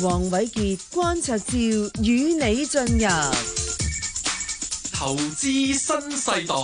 黃偉杰、關焯照，與你進入投資新世代。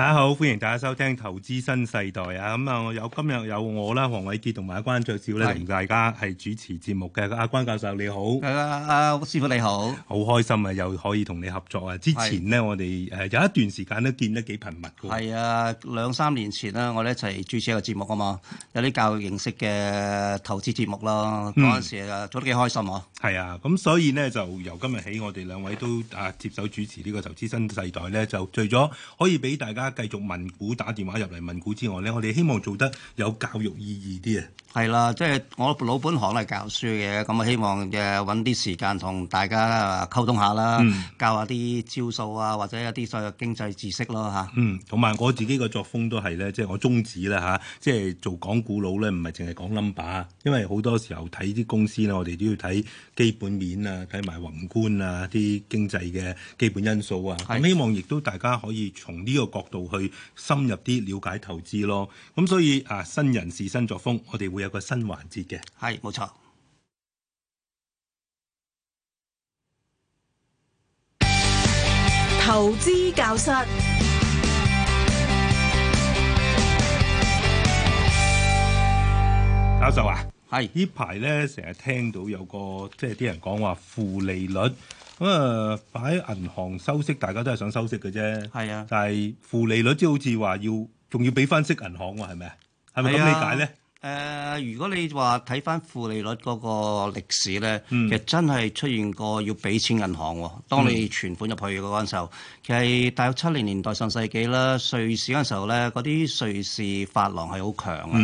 大家好，歡迎大家收聽《投資新世代》啊！咁、嗯、啊，我有今日有我啦，黃瑋傑同埋阿關焯照咧同是大家係主持節目嘅。阿、啊、關教授你好，啊，阿師傅你好，好開心啊！又可以同你合作啊！之前呢，是我哋誒有一段時間都見得幾頻密嘅。係啊，兩三年前啦，我哋一齊主持一個節目啊嘛，有啲教育形式嘅投資節目咯。嗰陣時、嗯、啊，做得幾開心啊！係啊，咁所以呢，就由今日起，我哋兩位都啊接手主持呢、這個《投資新世代》咧，就除咗可以俾大家。繼續問股打電話入嚟問股之外咧，我哋希望做得有教育意義啲啊！係啦，即、就、係、是、我老本行係教書嘅，咁啊希望嘅搵啲時間同大家溝通下啦，嗯、教下啲招數啊，或者一啲所謂經濟知識咯吓，嗯，同埋我自己個作風都係咧，即、就、係、是、我宗旨啦吓，即、啊、係、就是、做講古佬咧，唔係淨係講 number，因為好多時候睇啲公司咧，我哋都要睇基本面啊，睇埋宏觀啊，啲經濟嘅基本因素啊，咁的希望亦都大家都可以從呢個角度。去深入啲了解投資咯，咁、嗯、所以啊，新人事新作風，我哋會有個新環節嘅。係，冇錯。投資教室，教授啊，係是呢排呢，成日聽到有個即係啲人講話負利率。咁啊，擺、呃、銀行收息，大家都係想收息嘅啫。係啊，但係負利率，即係好似話要，仲要俾翻息銀行喎，係咪啊？係咪咁理解咧？誒，如果你話睇翻負利率嗰個歷史咧，嗯、其實真係出現過要俾錢銀行，當你存款入去嗰陣時候，嗯、其實大約七零年代上世紀啦，瑞士嗰陣時候咧，嗰啲瑞士法郎係好強啊。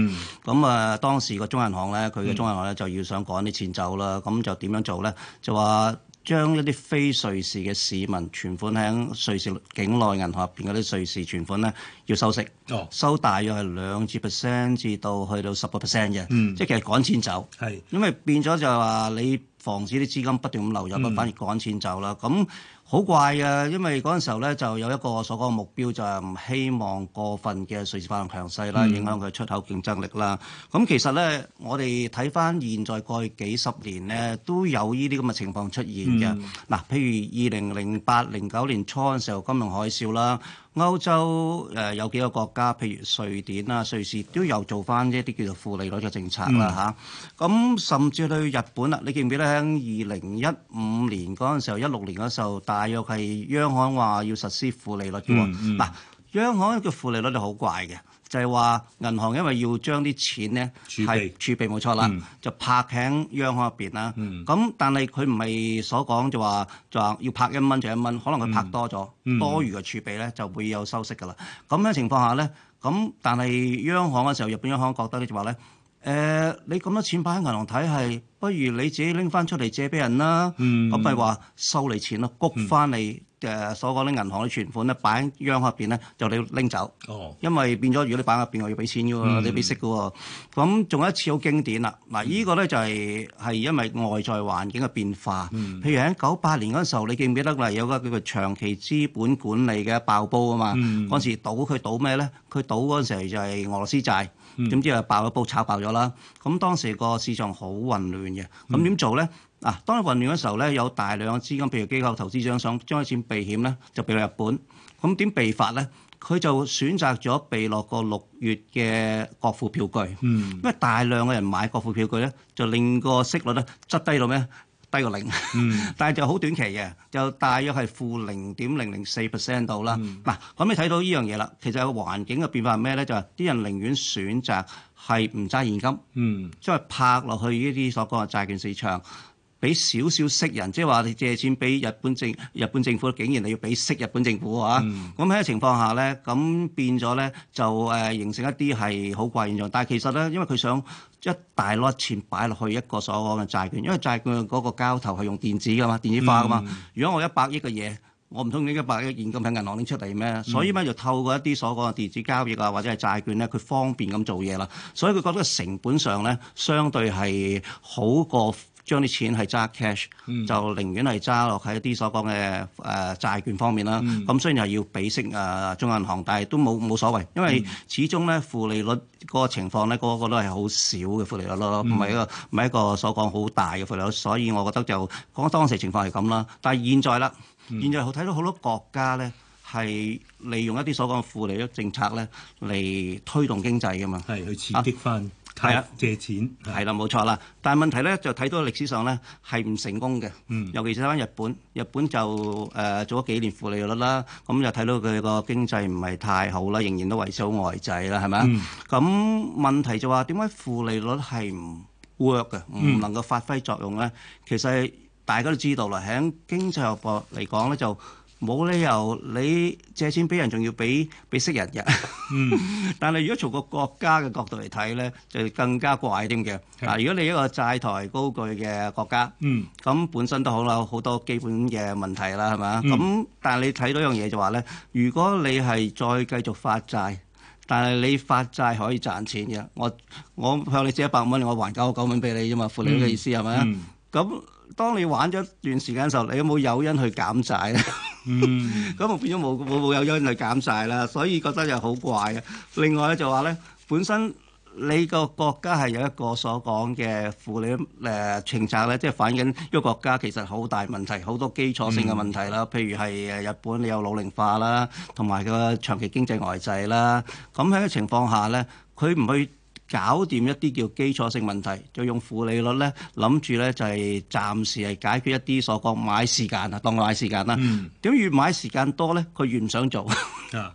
咁啊、嗯呃，當時個中銀行咧，佢嘅中銀行咧就要想趕啲錢走啦，咁就點樣做咧？就話。將一啲非瑞士嘅市民存款喺瑞士境內銀行入邊嗰啲瑞士存款咧，要收息，哦、收大約係兩至 percent 至到去到十個 percent 嘅，嗯、即係其實趕錢走，是因為變咗就係話你防止啲資金不斷咁流入，咁、嗯、反而趕錢走啦咁。好怪啊！因為嗰陣時候咧，就有一個我所講嘅目標就係唔希望過分嘅瑞士法郎強勢啦，嗯、影響佢出口競爭力啦。咁其實咧，我哋睇翻現在過去幾十年咧，都有呢啲咁嘅情況出現嘅。嗱、嗯，譬如二零零八零九年初嘅時候，金融海嘯啦。歐洲誒、呃、有幾個國家，譬如瑞典啊、瑞士，都有做翻一啲叫做負利率嘅政策啦嚇。咁、嗯啊、甚至去日本啦，你記唔記得喺二零一五年嗰陣時候、一六年嗰時候，大約係央行話要實施負利率嘅喎嗱。嗯嗯啊央行嘅負利率就好怪嘅，就係話銀行因為要將啲錢咧儲備儲備冇錯啦，嗯、就拍喺央行入邊啦。咁、嗯、但係佢唔係所講就話就話要拍一蚊就一蚊，可能佢拍多咗，嗯嗯、多餘嘅儲備咧就會有收息噶啦。咁樣情況下咧，咁但係央行嘅時候，日本央行覺得咧就話咧，誒、呃、你咁多錢擺喺銀行體系，不如你自己拎翻出嚟借俾人啦，咁咪話收你錢咯，谷翻你。誒所講啲銀行啲存款咧擺喺央行入邊咧，就你要拎走，哦、因為變咗如果你擺喺入邊，我要俾錢嘅喎，你要俾息嘅喎。咁仲有一次好經典啦，嗱呢、嗯、個咧就係係因為外在環境嘅變化，嗯、譬如喺九八年嗰陣時候，你記唔記得嗱有個叫做長期資本管理嘅爆煲啊嘛，嗰陣、嗯、時賭佢賭咩咧？佢賭嗰陣時就係俄羅斯債，點知啊爆一煲炒爆咗啦。咁當時個市場好混亂嘅，咁點做咧？嗱、啊，當佢混亂嘅時候咧，有大量嘅資金，譬如機構投資者想將一錢避險咧，就避到日本。咁點避法咧？佢就選擇咗避落個六月嘅國庫票據。嗯。因為大量嘅人買國庫票據咧，就令個息率咧執低到咩？低過零。嗯、 但係就好短期嘅，就大約係負零點零零四 percent 度啦。嗱，咁、嗯啊、你睇到呢樣嘢啦，其實個環境嘅變化係咩咧？就係、是、啲人寧願選擇係唔揸現金，嗯，即係拍落去呢啲所講嘅債券市場。俾少少息人，即係話你借錢俾日，日本政日本政府，竟然你要俾息日本政府啊！咁喺嘅情況下咧，咁變咗咧就誒形成一啲係好怪現象。但係其實咧，因為佢想一大攞錢擺落去一個所講嘅債券，因為債券嗰個交頭係用電子噶嘛，電子化噶嘛。嗯、如果我一百億嘅嘢，我唔通呢一百億現金喺銀行拎出嚟咩？所以咧就透過一啲所講嘅電子交易啊，或者係債券咧，佢方便咁做嘢啦。所以佢覺得成本上咧，相對係好過。將啲錢係揸 cash，就寧願係揸落喺啲所講嘅誒債券方面啦。咁、嗯、雖然係要比息誒中、呃、銀行，但係都冇冇所謂。因為始終咧負利率嗰個情況咧，個個，個都係好少嘅負利率咯，唔係、嗯、一個唔係一個所講好大嘅負利率。所以我覺得就講當時情況係咁啦。但係現在啦，嗯、現在好睇到好多國家咧係利用一啲所講嘅負利率政策咧嚟推動經濟㗎嘛，係去刺激翻。係啊，借錢係啦，冇錯啦。但係問題咧就睇到歷史上咧係唔成功嘅。嗯，尤其是睇翻日本，日本就誒、呃、做咗幾年負利率啦，咁就睇到佢個經濟唔係太好啦，仍然都維持好呆滯啦，係咪啊？咁、嗯、問題就話點解負利率係唔 work 嘅，唔能夠發揮作用咧？嗯、其實大家都知道啦，喺經濟學嚟講咧就。冇理由你借錢俾人，仲要俾俾識人嘅。 但係如果從個國家嘅角度嚟睇咧，就更加怪啲嘅。是啊，如果你一個債台高築嘅國家，咁、嗯、本身都好啦，好多基本嘅問題啦，係咪？咁、嗯、但係你睇到一樣嘢就話、是、咧，如果你係再繼續發債，但係你發債可以賺錢嘅，我我向你借一百蚊，我還九九蚊俾你啫嘛，付你嘅意思係咪啊？咁當你玩咗一段時間時候，你有冇誘因去減債咧？咁 啊變咗冇冇冇有，誘因去減債啦，所以覺得又好怪嘅。另外咧就話咧，本身你個國家係有一個所講嘅負利誒、呃、政策咧，即係反映呢個國家其實好大問題，好多基礎性嘅問題啦。嗯、譬如係誒日本，你有老齡化啦，同埋個長期經濟呆滯啦。咁喺個情況下咧，佢唔去，搞掂一啲叫基礎性問題，就用負利率咧，諗住咧就係暫時係解決一啲所謂買時間啊，當買時間啦。點、嗯、越買時間多咧，佢越唔想做。 啊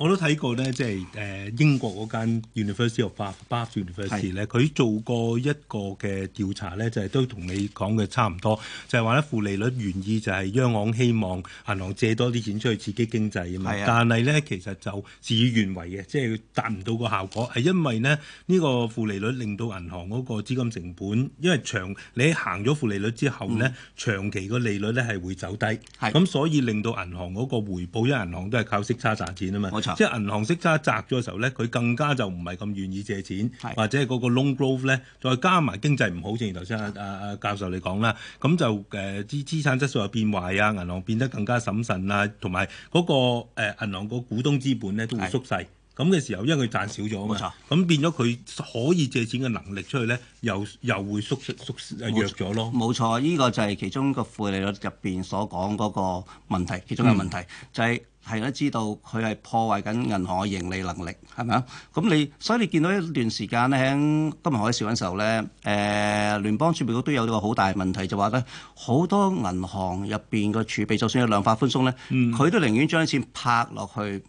我都睇過呢，即係誒英國嗰間 University of Bath, Bath University 咧的，佢做過一個嘅調查咧，就係、是、都同你講嘅差唔多，就係話咧負利率原意就係央行希望銀行借多啲錢出去刺激經濟啊嘛。的但係咧其實就事與願違嘅，即、就、係、是、達唔到個效果，係因為呢，呢、這個負利率令到銀行嗰個資金成本，因為長你行咗負利率之後咧，嗯、長期個利率咧係會走低，咁的所以令到銀行嗰個回報，因為銀行都係靠息差賺錢啊嘛。即係銀行息差窄咗嘅時候咧，佢更加就唔係咁願意借錢，是或者嗰個 loan growth 咧，再加埋經濟唔好，正如頭先阿阿教授你講啦，咁就誒資、呃、資產質素又變壞啊，銀行變得更加審慎啊，同埋嗰個誒、呃、銀行個股東資本咧都會縮細。咁嘅時候，因為佢賺少咗啊嘛，咁錯變咗佢可以借錢嘅能力出去咧，又又會縮縮，縮，縮弱咗咯。冇錯，呢個就係其中個負利率入邊所講嗰個問題，其中嘅問題、嗯、就係、是。係咧，知道佢係破壞緊銀行嘅盈利能力，係咪啊？咁你所以你見到一段時間咧，喺金融海嘯嗰時候咧，誒、呃、聯邦儲備局都有呢個好大問題，就話咧好多銀行入邊個儲備，就算有量化寬鬆咧，佢、嗯、都寧願將啲錢拍落去，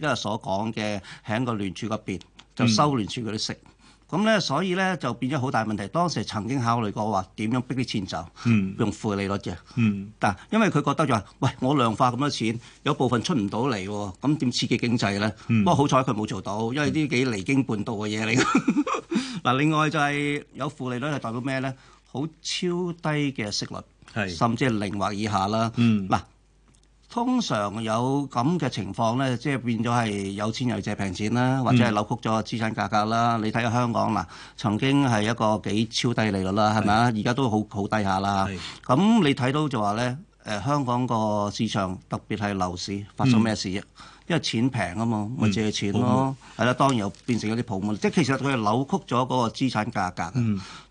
因為所講嘅喺個聯儲嗰邊就收聯儲嗰啲息。嗯咁咧，所以咧就變咗好大問題。當時曾經考慮過話點樣逼啲錢走，嗯、用負利率啫。嗯、但因為佢覺得就話，喂，我量化咁多錢，有部分出唔到嚟喎，咁點刺激經濟咧？不過、嗯、好彩佢冇做到，因為呢幾離經叛道嘅嘢嚟。嗱， 另外就係、是、有負利率係代表咩咧？好超低嘅息率，是甚至係零或以下啦。嗱、嗯。通常有咁嘅情況呢，即係變咗係有錢又借平錢啦，或者係扭曲咗資產價格啦。嗯、你睇下香港嗱，曾經係一個幾超低利率啦，係咪啊？而家是都好好低下啦。咁是你睇到就話呢，誒、呃、香港個市場特別係樓市發生咩事啊？嗯因為錢平啊嘛，咪借錢咯，係啦。當然又變成一啲泡沫，即係其實佢係扭曲咗嗰個資產價格。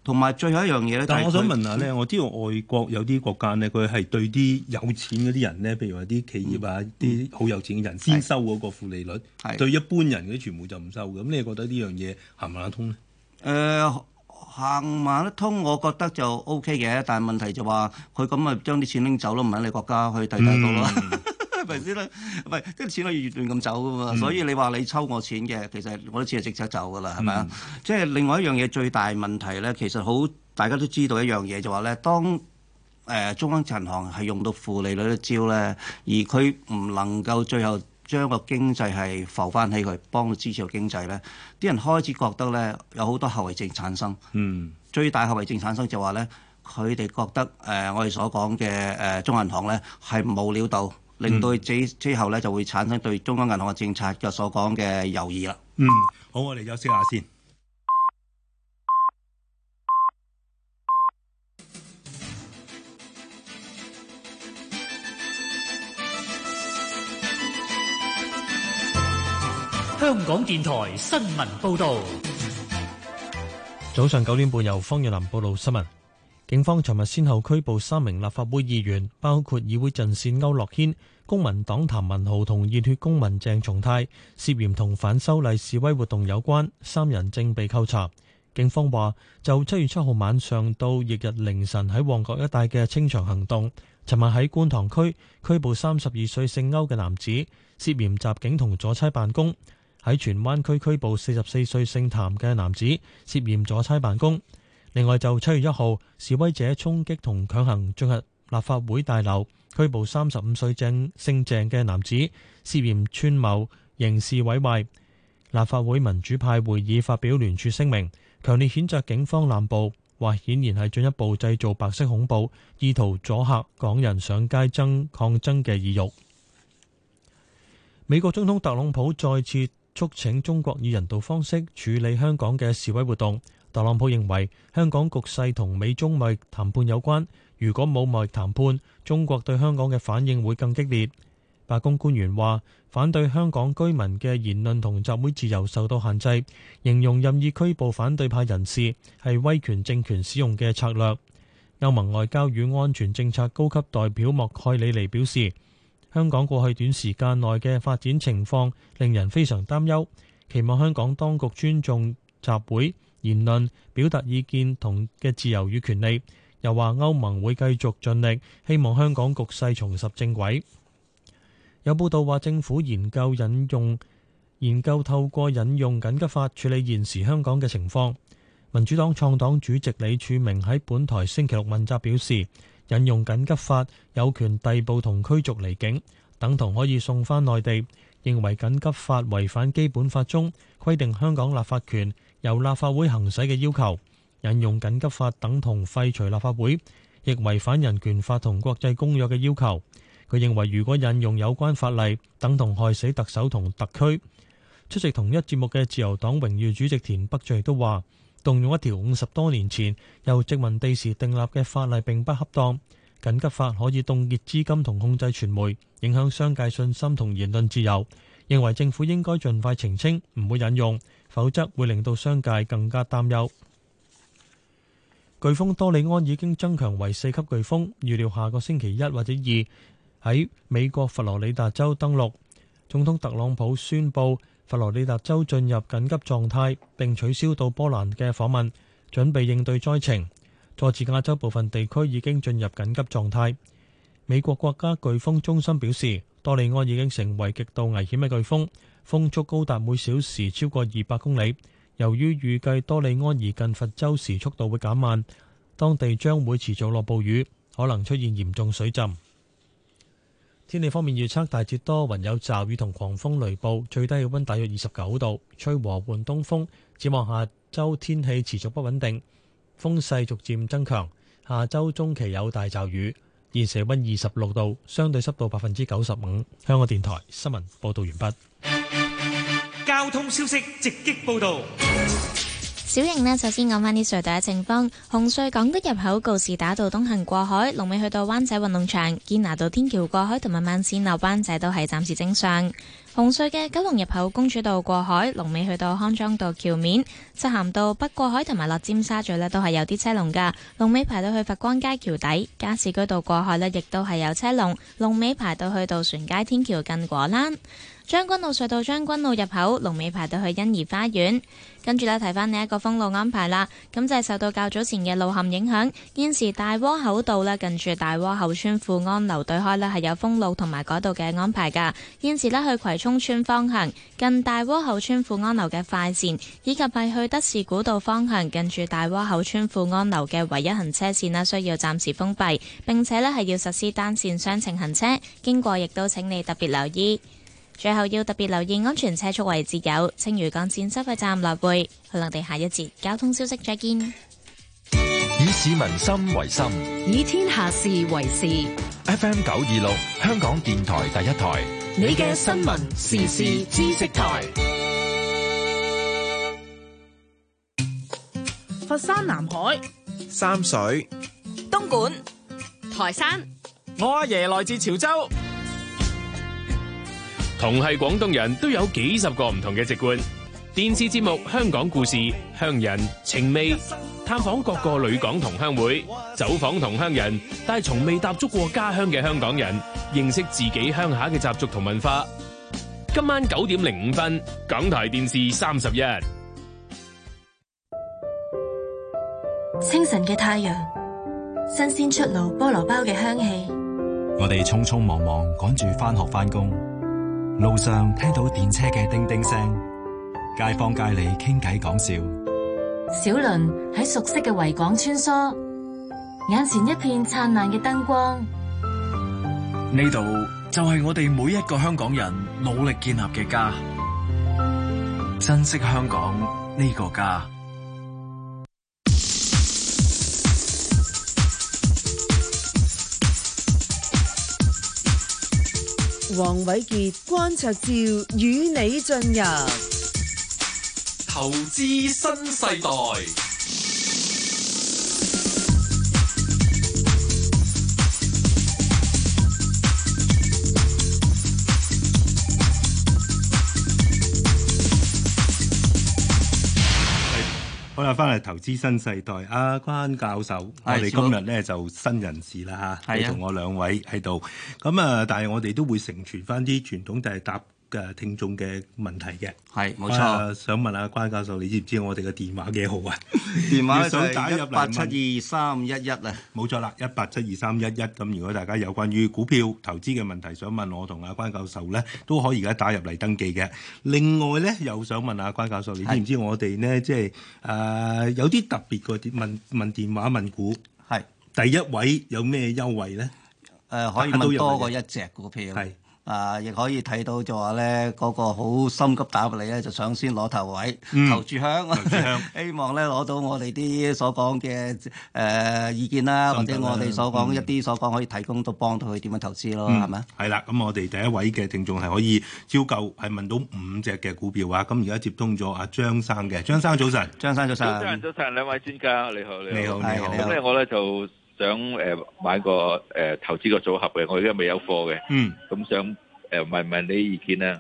同埋最後一樣嘢咧，但我想問下咧，我知道外國有啲國家咧，佢係對啲有錢嗰啲人咧，譬如話啲企業啊，啲好有錢嘅人先收嗰個負利率，對一般人嗰啲全部就唔收咁。你覺得呢樣嘢行唔行得通咧？誒，行唔行得通？我覺得就 OK 嘅，但係問題就話佢咁啊，將啲錢拎走咯，唔喺你國家去睇睇到啦。係咪先啦？唔係啲錢可以越亂咁走噶嘛，嗯、所以你話你抽我錢嘅，其實我啲錢係、嗯、即刻走噶啦，係咪啊？即係另外一樣嘢最大問題咧，其實好大家都知道一樣嘢就話、是、咧，當誒、呃、中央銀行係用到負利率一招咧，而佢唔能夠最後將個經濟係浮翻起佢，幫到支持個經濟咧，啲人開始覺得咧有好多後遺症產生。嗯，最大後遺症產生就話、是、咧，佢哋覺得誒、呃、我哋所講嘅誒中銀行咧係冇料到。令到這之後咧，就會產生對中央銀行嘅政策有所講嘅猶豫啦。嗯，好，我哋休息下先。香港電台新聞報道，早上九點半由方遠林報道新聞。警方尋日先後拘捕三名立法會議員，包括議會陣線歐樂軒，公民黨譚文豪同熱血公民鄭松泰，涉嫌同反修例示威活動有關，三人正被扣查。警方話，就七月七號晚上到翌日凌晨喺旺角一帶嘅清場行動，尋日喺觀塘區拘捕三十二歲姓歐嘅男子，涉嫌襲警同阻差辦公，喺荃灣區拘捕四十四歲姓譚嘅男子，涉嫌阻差辦公。另外就，就七月一號示威者衝擊同強行進入立法會大樓，拘捕三十五歲鄭姓鄭嘅男子，涉嫌串謀刑事毀壞。立法會民主派會議發表聯署聲明，強烈譴責警方濫暴，話顯然係進一步製造白色恐怖，意圖阻吓港人上街爭抗爭嘅意欲。美國總統特朗普再次促請中國以人道方式處理香港嘅示威活動。特朗普認為香港局勢同美中貿易談判有關，如果冇貿易談判，中國對香港嘅反應會更激烈。白宮官員話，反對香港居民嘅言論同集會自由受到限制，形容任意拘捕反對派人士係威權政權使用嘅策略。歐盟外交與安全政策高級代表莫蓋里尼表示，香港過去短時間內嘅發展情況令人非常擔憂，期望香港當局尊重集會言論表達意見同嘅自由與權利，又話歐盟會繼續盡力，希望香港局勢重拾正軌。有報道話，政府研究引用研究透過引用緊急法處理現時香港嘅情況。民主黨創黨主席李柱銘喺本台星期六問責表示，引用緊急法有權逮捕同驅逐離境，等同可以送返內地。認為緊急法違反基本法中規定香港立法權，由立法會行使嘅否則會令到商界更加擔憂。颶風多利安已經增強為四級颶風，預料下個星期一或者二喺美國佛羅里達州登陸。總統特朗普宣布佛羅里達州進入緊急狀態，並取消到波蘭嘅訪問，準備應對災情。佐治亞州部分地區已經進入緊急狀態。美國國家颶風中心表示，多利安已經成為極度危險嘅颶風。風速高達每小時超過二百公里。由於預計多利安移近佛州時速度會減慢，當地將會持續落暴雨，可能出現嚴重水浸。天氣方面預測大多，大致多雲有驟雨同狂風雷暴，最低氣溫大約二十九度，吹和緩東風。展望下周天氣持續不穩定，風勢逐漸增強。下周中期有大驟雨，現時溫二十六度，相對濕度百分之九十五。香港電台新聞報道完畢。交通消息直擊報道。小瑩呢，首先講返啲隧道嘅情況。紅隧港北入口告士打道東行過海，龍尾去到灣仔運動場；堅拿道天橋過海同埋慢線落灣仔都係暫時正常。紅隧嘅九龍入口公主道過海，龍尾去到康莊道橋面；漆咸道北過海同埋落尖沙咀呢都係有啲車龍㗎。龍尾排到去佛光街橋底，加士居道過海呢亦都係有車龍。龍尾排到去到渡船街天橋近果欄。將軍路隧道將軍路入口龍尾排到去欣怡花園，跟住咧，提翻呢一個封路安排啦。咁就係受到較早前嘅路陷影響，現時大窩口道呢，近住大窩口村富安樓對開呢，係有封路同埋改道嘅安排噶。現時呢，去葵涌村方向近大窩口村富安樓嘅快線，以及係去德士古道方向近住大窩口村富安樓嘅唯一行車線呢，需要暫時封閉，並且呢，係要實施單線雙程行車，經過亦都請你特別留意。最後要特別留意安全車速位置有青嶼幹線收費站立背，我哋下一節交通消息再見。以市民心為心，以天下事為事。F M 九二六，香港電台第一台，你嘅新聞時事知識台。佛山南海、三水、東莞、台山，我阿爺來自潮州。同係廣東人，都有幾十個唔同嘅籍貫。電視節目《香港故事》，鄉人情味，探訪各個旅港同鄉會，走訪同鄉人，但係從未踏足過家鄉嘅香港人，認識自己鄉下嘅習俗同文化。今晚九點零五分，港台電視三十一。清晨嘅太陽，新鮮出爐菠蘿包嘅香氣。我哋匆匆忙忙趕住返學返工。路上聽到電車嘅叮叮聲，街坊街里傾偈講笑。小輪喺熟悉嘅維港穿梭，眼前一片燦爛嘅燈光。呢度就係我哋每一個香港人努力建立嘅家，珍惜香港呢個家。黃瑋傑、關焯照，與你進入投資新世代。好啦，翻嚟投資新世代，阿、啊、關教授，的我哋今日咧就新人士啦嚇，的你同我兩位喺度，咁啊，但係我哋都會承傳翻啲傳統，就係搭。嘅聽眾嘅問題嘅係冇錯，想問下關教授，你知唔知我哋嘅電話幾號啊？電話想打入一八七二三一一啊，冇錯啦，一八七二三一一。咁如果大家有關於股票投資嘅問題，想問我同阿關教授咧，都可以而家打入嚟登記嘅。另外咧，又想問下關教授，你知唔知我哋咧，即係誒有啲特別嘅問問電話問股係第一位有咩優惠咧？誒，可以問多過一隻股票。啊，亦可以睇到就話咧，嗰個好心急打嚟咧，就想先攞頭位，頭炷香，希望咧攞到我哋啲所講嘅誒意見啦，或者我哋所講一啲所講可以提供到幫到佢點樣投資咯，係咪？係啦，咁我哋第一位嘅聽眾係可以照舊係問到五隻嘅股票啊，咁而家接通咗阿張生嘅，張生早晨，張生早晨，早晨早晨，兩位專家，你好，你好，你好，咁咧我咧就。想誒買個誒投資個組合嘅，我而家未有貨嘅，咁想誒問問你意見咧，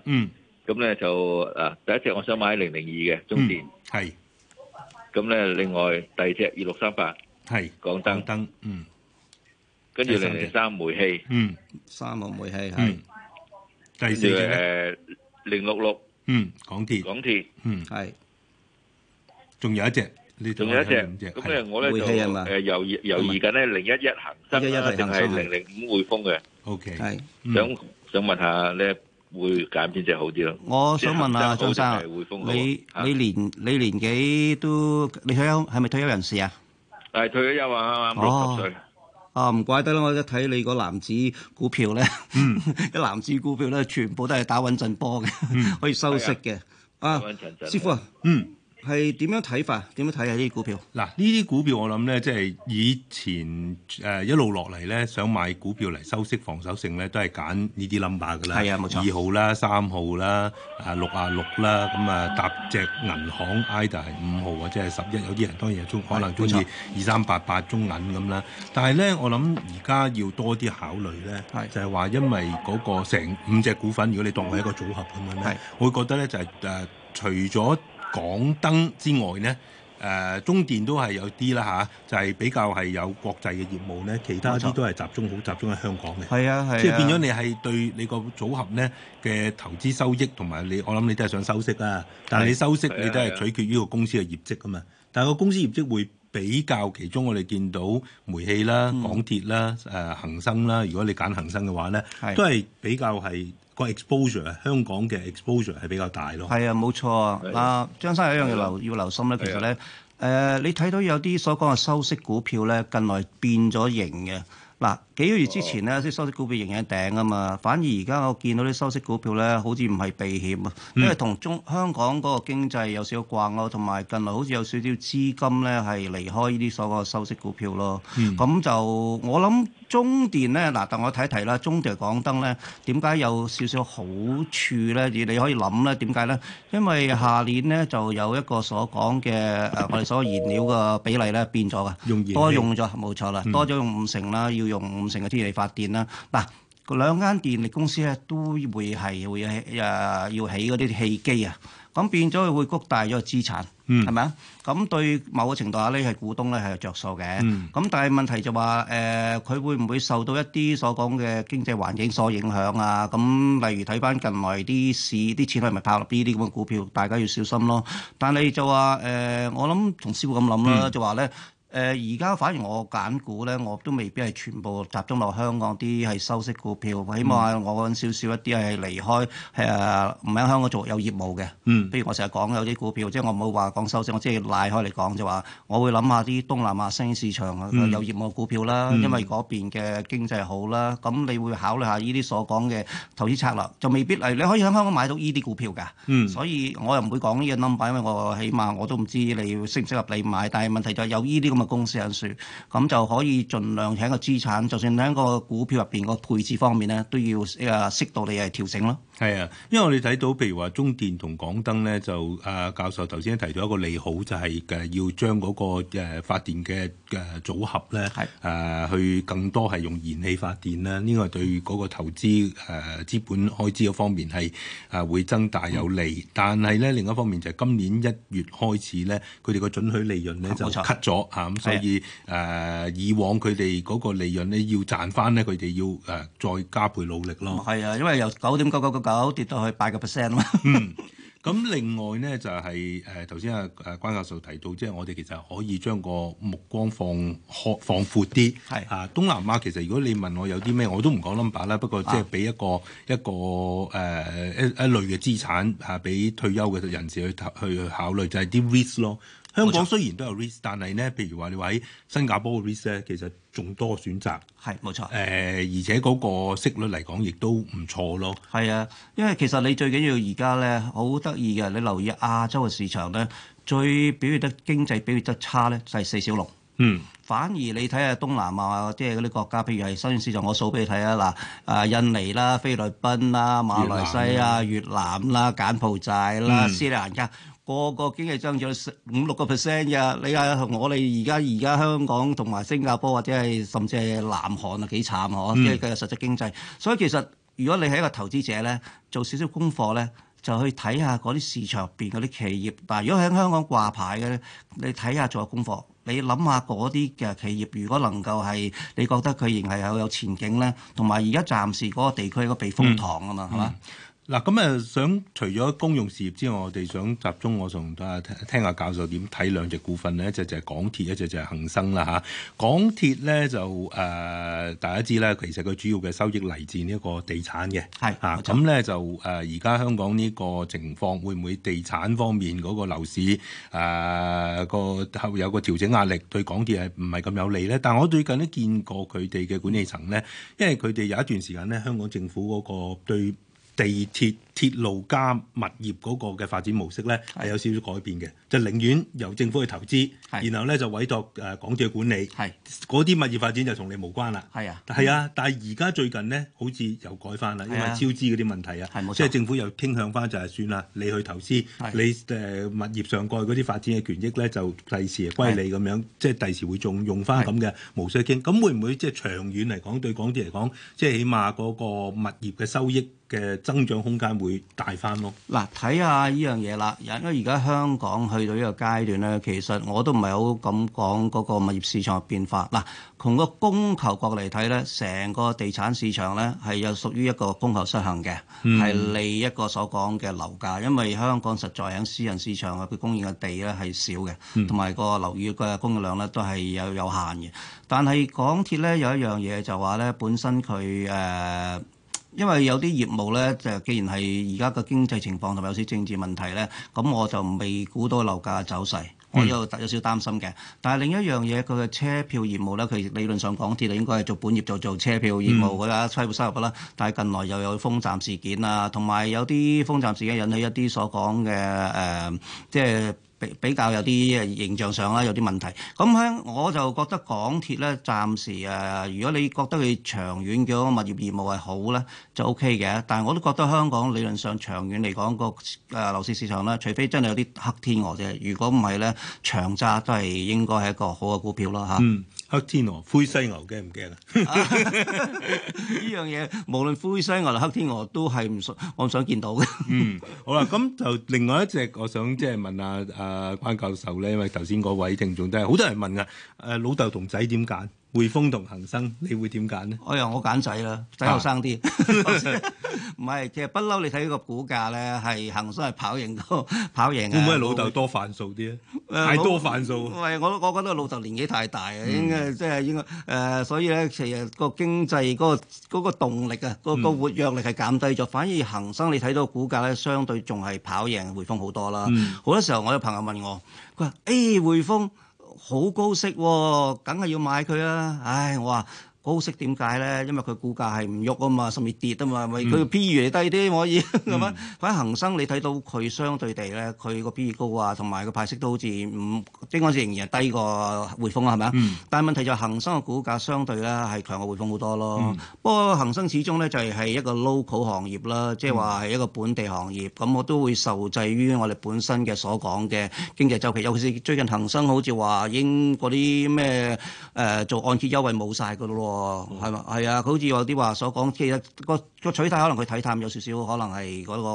咁咧就誒第一隻我想買零零二嘅中電，係，咁咧另外第二隻二六三八係，港燈，嗯，跟住零零三煤氣，嗯，三個煤氣係，第四隻咧零六六，嗯，港鐵，港鐵，嗯，係，仲有一隻。仲有一隻，咁咧我咧就誒猶豫猶豫緊咧零一一恒生，定係零零五匯豐嘅。O K，係想想問下咧，會揀邊隻好啲咯？我想問下張生，你你年你年紀都退休係咪退休人士啊？係退休啊，六十歲。哦，唔怪得啦，我一睇你個藍籌股票咧，一藍籌股票咧全部都係打穩陣波嘅，可以收息嘅。啊，師傅，嗯。係點樣睇法？點樣睇啊？呢啲股票嗱，呢啲股票我諗咧，即係以前誒一路落嚟咧，想買股票嚟收息防守性咧，都係揀呢啲 number 噶啦，係啊，冇錯，二號啦，三號啦，啊六啊六啦，咁啊搭隻銀行 I 就係五號或者係十一，有啲人當然係中可能中意二三八八中銀咁啦。但係咧，我諗而家要多啲考慮咧，係就係話因為嗰個成五隻股份，如果你當為一個組合咁樣咧，會覺得咧就係誒除咗港燈之外咧，誒、呃、中電都係有啲啦嚇，就係、係、比較係有國際嘅業務咧。其他啲都係集中好集中喺香港嘅。係啊係。啊即係變咗你係對你個組合咧嘅投資收益同埋你，我諗你都係想收息啊。但係你收息、啊啊、你都係取決於個公司嘅業績㗎嘛。但係個公司業績會比較其中，我哋見到煤氣啦、嗯、港鐵啦、誒、呃、恆生啦。如果你揀恆生嘅話咧，是都係比較係。個 exposure 香港嘅 exposure 係比較大咯。係啊，冇錯啊。 張生有一樣要留 要留心咧，其實咧，誒 是、啊呃，你睇到有啲所講嘅收息股票咧，近來變咗型嘅。嗱幾個月之前咧，即係收息股票仍喺頂啊嘛，反而而家我見到啲收息股票咧，好似唔係避險啊，嗯、因為同中香港嗰個經濟有少少掛鈎，同埋近來好似有少少資金咧係離開呢啲所講嘅收息股票咯。咁就我諗。中電咧嗱，但我睇一睇啦。中電港燈咧點解有少少好處咧？你你可以諗咧點解咧？因為下年咧就有一個所講嘅誒，我哋所有燃料嘅比例咧變咗噶，用多用咗冇錯啦，嗯、多咗用五成啦，要用五成嘅天然氣發電啦。嗱、啊，兩間電力公司咧都會係會誒、呃、要起嗰啲氣機啊，咁變咗會谷大咗個資產。係咪啊？咁對某個程度下咧，係股東咧係有着數嘅。咁、嗯、但係問題就話、是、誒，佢、呃、會唔會受到一啲所講嘅經濟環境所影響啊咁例如睇翻近來啲市啲錢係咪拋入啲呢啲咁嘅股票，大家要小心咯。但係就話誒、呃，我諗從師傅咁諗啦，嗯、就話咧。誒而家反而我揀股咧，我都未必係全部集中落香港啲係收息股票，起碼我揾少少一啲係離開誒唔喺香港做有業務嘅，嗯，譬如我成日講有啲股票，即係我冇話講收息，我即係拉開嚟講就話，我會諗下啲東南亞新市場有業務股票啦，因為嗰邊嘅經濟好啦，咁你會考慮下呢啲所講嘅投資策略，就未必係，你可以喺香港買到呢啲股票㗎，嗯，所以我又唔會講呢個 number，因為我起碼我都唔知你適唔適合你買，但係問題就係有呢啲咁。公司人說，算就可以，儘量喺個資產，就算喺個股票入面個配置方面呢，都要誒適度地係調整咯。係啊，因為我哋睇到，譬如話中電同港燈咧，就阿、啊、教授頭先提到一個利好，就係、是、嘅要將嗰個誒發電嘅誒組合咧，誒的、啊、去更多係用燃氣發電啦。呢個對嗰個投資誒、啊、資本開支嗰方面係誒會增大有利。嗯、但係咧另一方面就係今年一月開始咧，佢哋個准許利潤咧就 cut 咗、嗯、啊，咁所以誒、啊、以往佢哋嗰個利潤咧要賺翻咧，佢哋要誒、啊、再加倍努力咯。係啊，因為由九點九九九，跌到去八個 percent 啊嘛，咁、 嗯、另外咧就係誒頭先啊誒關教授提到，即係我哋其實可以將個目光放開放闊啲，係是啊東南亞其實如果你問我有啲咩，是我都唔講 number 啦，不過即係俾一個、啊、一個誒、呃、一一類嘅資產嚇俾、啊、退休嘅人士去去考慮，就係啲 risk 咯。香港雖然都有 risk，但係咧，譬如話你話喺新加坡嘅 risk 咧，其實仲多選擇。係，冇錯。誒、呃，而且嗰個息率嚟講，亦都唔錯咯。係啊，因為其實你最緊要而家咧，好得意嘅，你留意亞洲嘅市場咧，最表現得經濟表現得差咧，就係四小龍。嗯。反而你睇下東南亞即係嗰啲國家，譬如係新興市場，我數俾你睇啊！嗱，啊印尼啦、菲律賓啦、馬來西亞、越南、啊、越南啦、柬埔寨啦、嗯、斯里蘭卡。我個個經濟增長五六個 percent 嘅，你睇我哋而家而家香港同埋新加坡或者係甚至係南韓啊，幾慘嗬，即係佢嘅實質經濟。所以其實如果你係一個投資者咧，做少少功課咧，就去睇下嗰啲市場入邊嗰啲企業。但，如果喺香港掛牌嘅咧，你睇下做下功課。你諗下嗰啲嘅企業，如果能夠係你覺得佢仍係有有前景咧，同埋而家暫時嗰個地區個避風塘啊嘛，係嘛、嗯？嗱咁啊，想除咗公用事業之外，我哋想集中我從啊聽下教授點睇兩隻股份呢，一隻就係港鐵，一隻就係恒生啦嚇。港鐵咧就誒、呃、大家知咧，其實佢主要嘅收益嚟自呢一個地產嘅，係是啊咁咧錯就誒而家香港呢個情況會唔會地產方面嗰個樓市誒個、呃、有個調整壓力，對港鐵係唔係咁有利咧？但係我最近都見過佢哋嘅管理層咧，因為佢哋有一段時間咧，香港政府嗰個對地鐵。鐵路加物業嗰個嘅發展模式咧係有少少改變嘅，就寧願由政府去投資，然後咧就委託誒港鐵去管理，嗰啲物業發展就同你無關啦。係啊，係啊，但係而家最近咧好似又改翻啦，因為超支嗰啲問題啊，即係政府又傾向翻就係算啦，你去投資，你誒物業上蓋嗰啲發展嘅權益咧就第時歸你咁樣，即係第時會仲用翻咁嘅無需傾。咁會唔會即係長遠嚟講對港鐵嚟講，即係起碼嗰個物業嘅收益嘅增長空間？會帶翻屋嗱，睇下依樣嘢啦。因為而家香港去到依個階段咧，其實我都唔係好咁講嗰個物業市場嘅變化。嗱，從個供求角嚟睇咧，成個地產市場咧係有屬於一個供求失衡嘅，係利一個所講嘅樓價。因為香港實在喺私人市場啊，佢供應嘅地咧係少嘅，同埋個樓宇嘅供應量咧都係有有限嘅。但係港鐵咧有一樣嘢就話咧，本身佢誒。因為有啲業務咧，就既然係而家個經濟情況同埋有少政治問題咧，咁我就未估到樓價走勢，我有有少擔心嘅。嗯、但係另一樣嘢，佢嘅車票業務咧，佢理論上港鐵啊應該係做本業就做，做車票業務噶啦，嗯、收入噶啦。但係近來又有封站事件啊，同埋有啲封站事件引起一啲所講嘅誒，即係。比比較有啲形象上啦，有啲問題。咁喺我就覺得港鐵咧，暫時誒，如果你覺得佢長遠嘅個物業業務係好咧，就 OK 嘅。但係我都覺得香港理論上長遠嚟講個誒樓市市場啦，除非真係有啲黑天鵝啫。如果唔係咧，長揸都係應該係一個好嘅股票咯嚇。嗯。黑天鵝、灰犀牛，驚唔驚啊？呢 樣嘢無論灰犀牛定黑天鵝，都係唔想，我唔想見到嘅。 嗯，好啦，咁就另外一隻，我想即係問下阿關教授咧，因為頭先嗰位聽眾都係好多人問噶，誒老豆同仔點揀？匯豐同恒生，你會點揀呢？哎呀，我揀仔啦，仔後生啲，唔係、啊， 其實不嬲。你睇呢個股價咧，係恒生係跑贏多，跑贏唔點解、呃、老豆多煩數啲咧？太多煩數，因為我我覺得老豆年紀太大，嗯、應該即係應該誒、呃，所以咧其實個經濟嗰、嗰個嗰、嗰個動力啊，嗰、嗰個活躍力係減低咗。嗯、反而恒生你睇到股價咧，相對仲係跑贏匯豐好多啦。好、嗯、多時候我有朋友問我，佢話誒匯豐。哎好高息喎，梗係要買佢啦！唉，我話。高息點解咧？因為佢股價係唔喐啊嘛，甚至跌啊嘛，咪佢嘅 P/E 嚟低啲可以咁嘛？喺、嗯、 恆生你睇到佢相對地咧，佢個 P/E 高啊，同埋個派息都好似唔，即係仍然係低過匯豐啊，係咪啊？嗯、但係問題就恒生嘅股價相對咧係強過匯豐好多咯。嗯、不過恒生始終咧就係一個 local 行業啦，即係話係一個本地行業，咁、嗯、我都會受制於我哋本身嘅所講嘅經濟周期，尤其是最近恒生好似話應嗰啲咩誒做按揭優惠冇晒㗎咯喎。哦，係嘛係啊！佢好似有啲話所講，其實個個取態可能佢睇淡有少少，可能係嗰個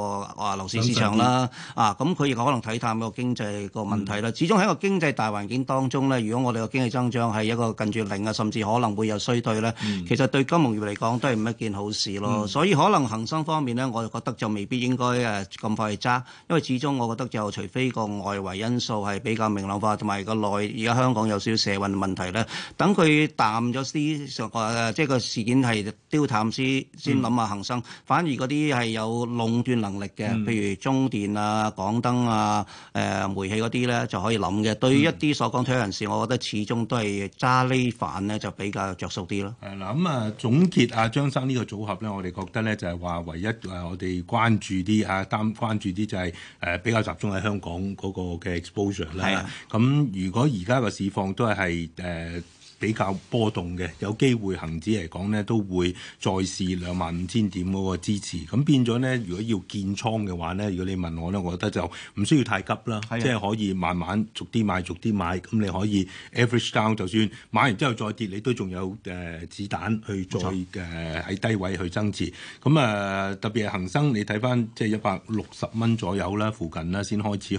啊樓市市場啦啊，咁佢亦可能睇淡個經濟個問題啦。始終喺個經濟大環境當中咧，如果我哋個經濟增長係一個近住零啊，甚至可能會有衰退咧，其實對金融業嚟講都係唔一件好事咯。所以可能恒生方面咧，我就覺得就未必應該誒咁快去揸，因為始終我覺得就除非個外圍因素係比較明朗化，同埋個內而家香港有少少社運問題咧，等佢淡咗啲上。話即係個事件係刁探先先諗下恒生，嗯、反而嗰啲係有壟斷能力嘅，嗯、譬如中電啊、港燈啊、誒、呃、煤氣嗰啲咧，就可以諗嘅。對於一啲所講退休人士，我覺得始終都係揸呢份咧，就比較着數啲咯。誒嗱、嗯，咁、嗯、啊總結啊，張生呢個組合咧，我哋覺得咧就係話唯一誒，我哋關注啲啊，擔關注啲就係誒比較集中喺香港嗰個嘅 exposure 啦。咁的如果而家嘅市況都係誒。呃比較波動嘅，有機會恒指嚟講咧，都會再試兩萬五千點嗰個支持。咁變咗咧，如果要建倉嘅話咧，如果你問我咧，我覺得就唔需要太急啦，即係的可以慢慢逐啲買，逐啲買。咁你可以 average down，就算買完之後再跌，你都仲有誒、呃、子彈去再誒喺錯、呃、低位去增持。咁誒、呃、特別係恒生，你睇翻即係一百六十蚊左右啦，附近啦先開始去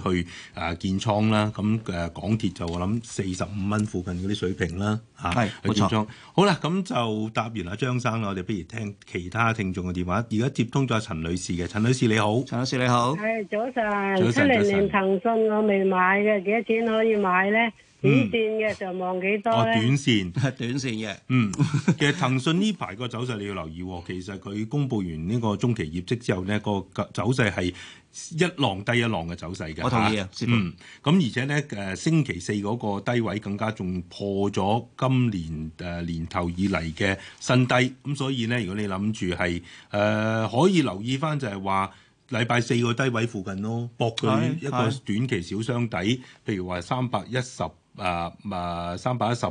誒建倉啦。咁誒、呃、港鐵就我諗四十五蚊附近嗰啲水平啦。係，冇、啊、是錯。錯好啦，咁就答完阿張生啦。我哋不如聽其他聽眾嘅電話。而家接通咗陳女士嘅。陳女士你好，陳女士你好，係早晨上。早上七零年上騰訊我未買嘅，幾多錢可以買咧？短線嘅，就望幾多哦，短線係短線嘅。嗯，其實騰訊呢排個走勢你要留意， 其實佢公布完呢個中期業績之後呢，個走勢係一浪低一浪嘅走勢嘅。我同意啊，啊父嗯。咁而且呢，誒，星期四嗰個低位更加仲破咗今年誒，呃、年頭以嚟嘅新低。咁所以呢，如果你諗住係誒可以留意翻，就係話禮拜四個低位附近咯，搏佢一個短期小雙底，譬如話三百一十。啊，嘛三百一十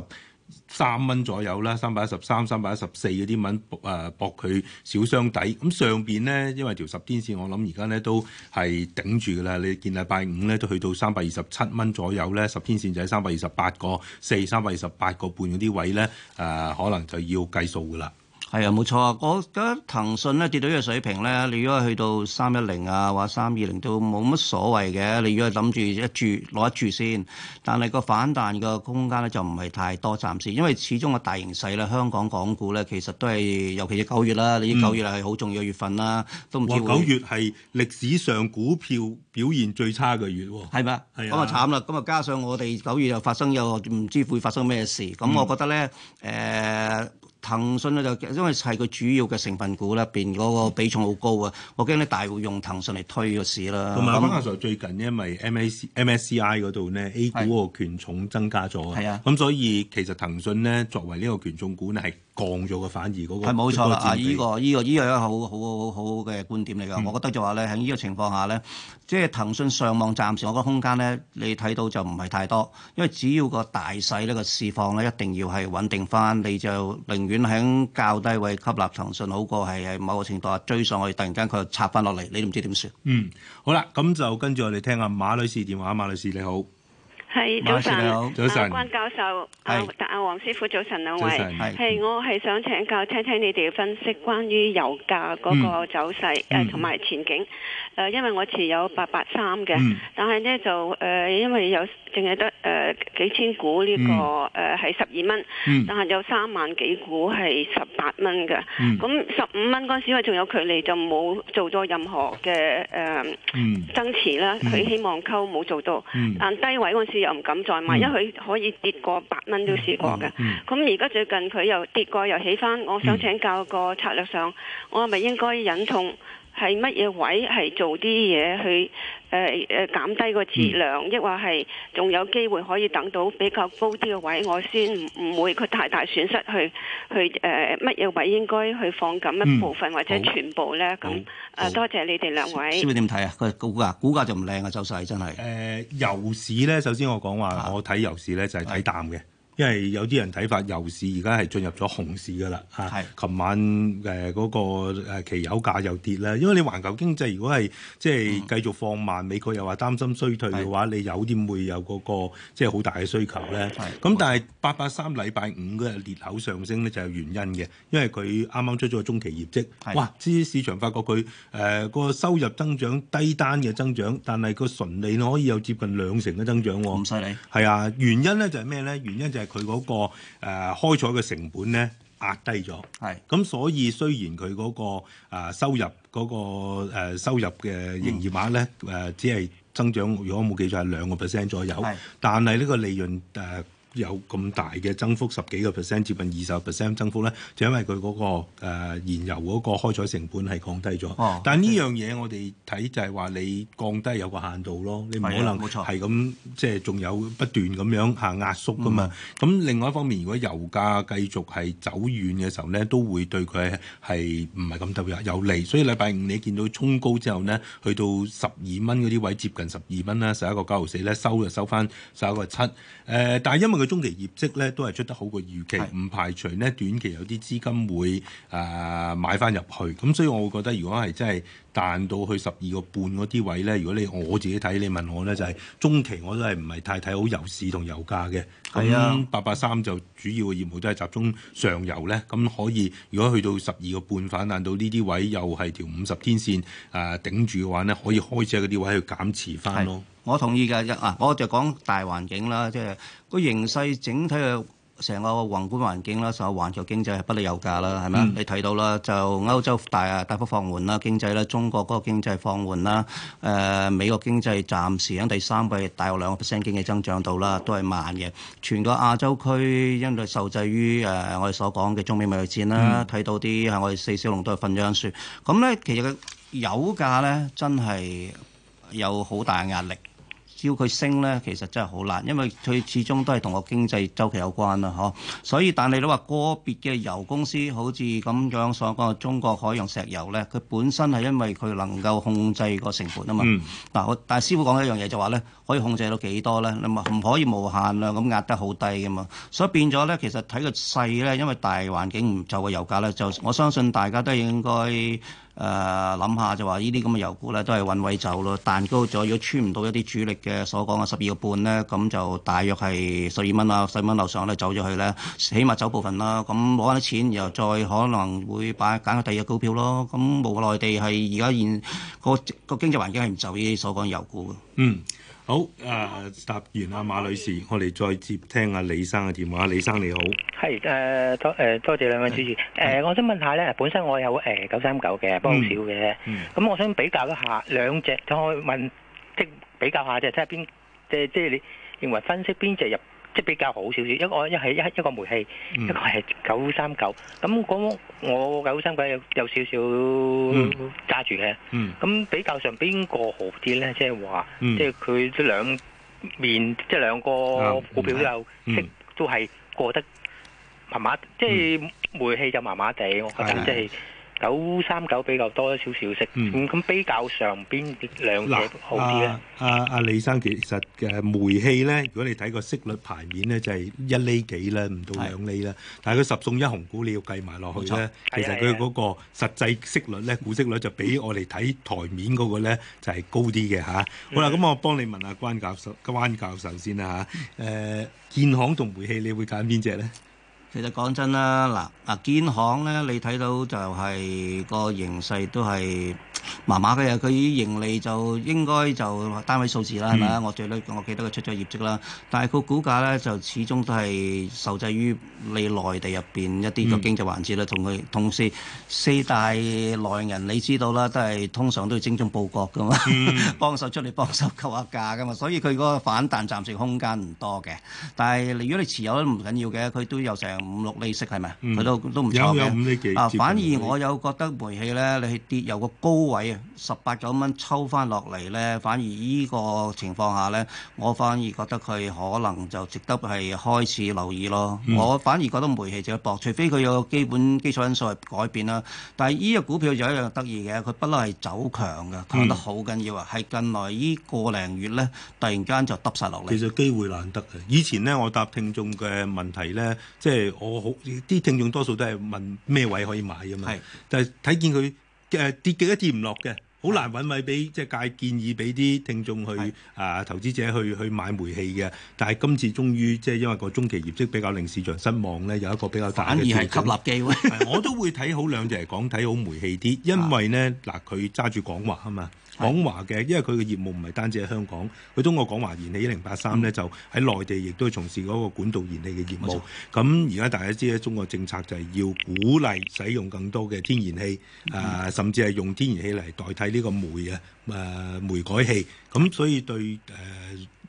三蚊左右啦，三百一十三、三百一十四嗰啲蚊，誒博佢小箱底。咁、啊、上邊咧，因為條十天線我，我諗而家咧都係頂住噶啦。你見禮拜五咧都去到三百二十七蚊左右咧，十天線就喺三百二十八個四、三百二十八個半嗰啲位咧，誒可能就要計數噶啦。係啊，冇錯啊！我覺得騰訊咧跌到呢個水平咧，你如果去到三一零啊，或三二零都冇乜所謂嘅。你如果諗住一注攞一注先，但係個反彈嘅空間咧就唔係太多，暫時。因為始終個大形勢咧，香港港股咧其實都係，尤其是九月啦，你知，九月係好重要嘅月份啦，嗯、都唔知。九、哦、月係歷史上股票表現最差嘅月喎、哦。係嘛吧？咁啊慘啦！咁啊，就就加上我哋九月又發生又唔知會發生咩事，咁我覺得咧，誒、呃。騰訊咧就因為係個主要嘅成分股啦，裏面嗰個比重好高啊！我驚你大會用騰訊嚟推個市啦。同埋嗰陣時候最近咧，咪 MSCMSCI 嗰度咧 A 股個權重增加咗啊！咁的、嗯、所以其實騰訊咧作為呢個權重股咧係。降咗嘅反而嗰、那個係冇錯啦！啊，依、呢個呢、呢個依、呢個有、呢個、好好好好嘅觀點嚟㗎、嗯。我覺得就話咧喺呢個情況下咧，即係騰訊上網暫時我覺得空間咧，你睇到就唔係太多，因為只要個大勢呢個市況咧，一定要係穩定翻，你就寧願喺較低位吸納騰訊，好過係喺某個程度啊追上去，突然間佢又拆翻落嚟，你都唔知點算。嗯，好啦，咁就跟住我哋聽下馬女士電話。馬女士你好。係早晨，早晨上、啊、關教授，係阿黃師傅，早晨兩位，係上我係想請教聽聽你哋嘅分析，關於油價嗰個走勢誒同埋前景。誒、呃，因為我持有八八三嘅，嗯、但係咧就誒、呃、因為有淨係得誒幾千股呢、這個誒係十二蚊，但係有三萬幾股係十八蚊嘅。咁十五蚊嗰時我仲有佢離就冇做咗任何嘅誒增持啦，佢、呃嗯、希望溝冇做到，但低位嗰時。又唔敢再買，因為佢可以跌過八蚊都試過嘅。咁而家最近佢又跌過，又起翻。我想請教個策略上，我係咪應該忍痛？ 係乜嘢位？係做啲嘢去，誒誒減低個質量，抑或係仲有機會可以等到比較高啲嘅位，我先唔唔會佢太大損失去去誒乜嘢位應該去放咁一部分或者全部咧？咁啊多謝你哋兩位。舒偉點睇啊？佢股價股價就唔靚啊，走勢真係。誒，油市咧，首先我講話，我睇油市咧就係睇淡嘅。因為有啲人睇法，油市而家係進入咗熊市㗎喇吓。琴、啊、的晚誒嗰、呃那個期油價又跌啦，因為你環球經濟如果係即係繼續放慢，嗯、美國又話擔心衰退嘅話，的你有點會有嗰、那個即係好大嘅需求咧？咁的、嗯、但係八八三禮拜五嗰日裂口上升咧，就係、是、原因嘅，因為佢啱啱出咗中期業績，哇的！啲市場發覺佢誒個收入增長低單嘅增長，但係個純利可以有接近兩成嘅增長喎。咁犀利？係啊的，原因咧就係咩咧？原因就係。佢嗰、那個誒、呃、開採嘅成本咧壓低咗，係咁是所以雖然佢嗰、那個、呃、收入嗰、那個、呃、收入嘅營業額咧誒、嗯呃、只係增長，如果我冇記錯係兩個 percent 左右，是但係呢個利潤誒。呃有咁大嘅增幅，十幾個 percent 接近二十 percent 增幅咧，就因為佢嗰、那個誒、呃、燃油嗰個開採成本係降低咗。哦、但係呢樣嘢我哋睇就係話，你降低有個限度咯，你唔可能係咁即係仲有不斷咁樣嚇壓縮噶嘛。咁、嗯、另外一方面，如果油價繼續係走遠嘅時候咧，都會對佢係唔係咁特別有利。所以禮拜五你見到沖高之後咧，去到十二蚊嗰啲位接近十二蚊啦，十一個九毫四咧收就收翻十一個七。誒、呃，但係因為佢中期業績咧都係出得好過預期，唔是排除咧短期有啲資金會誒、呃、買翻入去。咁所以我會覺得，如果係真係彈到去十二個半嗰啲位咧，如果你我自己睇，你問我咧就係、是、中期我都係唔係太睇好油市同油價嘅。咁八八三就主要嘅業務都係集中上游咧，咁可以如果去到十二個半反彈到呢啲位，又係條五十天線誒、呃、頂住嘅話咧，可以開車嗰啲位去減持翻咯。我同意嘅，啊，我就講大環境啦，即係個形勢整體嘅成個宏觀環境啦，所有環球經濟係不利油價啦，係咪啊？你睇到啦，就歐洲大大幅放緩啦經濟啦，中國嗰個經濟放緩啦，誒美國經濟暫時喺第三季大約兩個 percent 經濟增長度啦，都係慢嘅。全個亞洲區因為受制於誒我哋所講嘅中美貿易戰啦，睇到啲係我哋四小龍都係紛章輸。咁咧其實佢油價咧真係有好大嘅壓力。叫佢升咧，其實真係好難，因為佢始終都係同個經濟周期有關啦，嗬、啊。所以但係你都話個別嘅油公司好似咁樣所講，中國海洋石油咧，佢本身係因為佢能夠控制個成本啊嘛。嗱、嗯，但係師傅講一樣嘢就話咧，可以控制到幾多咧？你唔唔可以無限量咁壓得好低嘅嘛？所以變咗咧，其實睇個勢咧，因為大環境唔就個油價咧，就我相信大家都應該。誒諗、呃、下就話呢啲咁嘅油股咧，都係搵位走咯，彈高咗，如果穿唔到一啲主力嘅所講嘅十二個半咧，咁就大約係十二蚊啊，十蚊樓上咧走咗去咧，起碼走部分啦。咁攞翻啲錢，然後再可能會把揀下第二個股票咯。咁冇內地係而家現個個經濟環境係唔就呢啲所講油股嘅。嗯。好，誒、啊、答完阿馬女士，我哋再接聽阿李生嘅電話。李生你好，係誒、呃、多誒、呃、多謝兩位主持。誒是、呃，我想問下咧，本身我有誒九三九嘅，幫少嘅。咁、嗯嗯、我想比較一下兩隻，想問即比較下看看即睇下邊即即你認為分析邊隻入？即比較好少少，一個一係一一個煤氣，嗯、一個係九三九。咁講我九三九有有少少揸住嘅。咁、嗯、比較上邊個好啲咧？即係話，嗯、即係佢兩面、嗯、即兩個股票都有，嗯、都係過得麻麻。嗯、即係煤氣就麻麻地，我覺得即係。的九三九比較多一少少息，咁、嗯、比較上邊兩隻好啲咧？阿阿、啊啊、李生，其實嘅煤氣咧，如果你睇個息率牌面咧，就係、是、一厘幾啦，唔到兩厘啦。是但係佢十送一紅股，你要計埋落去咧，錯其實佢嗰個實際息率咧，股息率就比我哋睇台面嗰個咧就係、是、高啲嘅嚇。啊嗯、好啦，咁我幫你問下關教授，關教授先啦嚇。誒、啊，建行同煤氣，你會揀邊隻咧？其實講真啦，嗱嗱建行咧，你睇到就係個形勢都係麻麻嘅嘢，佢盈利就應該就單位數字啦，係咪啊？我最咧，我記得佢出咗業績啦。但係佢股價咧就始終都係受制於你內地入邊一啲個經濟環節啦，同佢同時四大內人你知道啦，都係通常都要精忠報國噶嘛，幫手出嚟幫手溝下價噶嘛，所以佢個反彈暫時空間唔多嘅。但係如果你持有都唔緊要嘅，佢都有成。五六利息係咪？佢、嗯、都都唔差嘅。有、有五釐幾。啊，反而我有覺得煤氣咧，你跌由個高位啊，十八九蚊抽翻落嚟咧，反而依個情況下咧，我反而覺得佢可能就值得係開始留意咯。嗯、我反而覺得煤氣仲要搏，除非佢有個基本基礎因素係改變啦。但係依個股票就一樣得意嘅，佢不嬲係走強嘅，強得好緊要啊！係近來依個零月咧，突然間就揼晒落嚟。其實機會難得嘅，以前咧我答聽眾嘅問題咧，即係。我好啲聽眾多數都係問咩位可以買啊嘛，是但係睇見佢誒跌幾多，跌唔落嘅，好難揾位俾即係介建議俾啲聽眾去是啊投資者去去買煤氣嘅。但係今次終於即係因為個中期業績比較令市場失望咧，有一個比較大嘅反而係吸納機會。我都會睇好兩隻嚟講，睇好煤氣啲，因為咧嗱佢揸住講話啊嘛。港華嘅，因為佢嘅業務唔係單止喺香港，佢中國港華燃氣一零八三咧就喺內地亦都從事嗰個管道燃氣嘅業務。咁而家大家知咧，中國政策就係要鼓勵使用更多嘅天然氣，啊、呃，甚至係用天然氣嚟代替呢個煤啊，啊、呃、煤改氣。咁所以對誒、呃、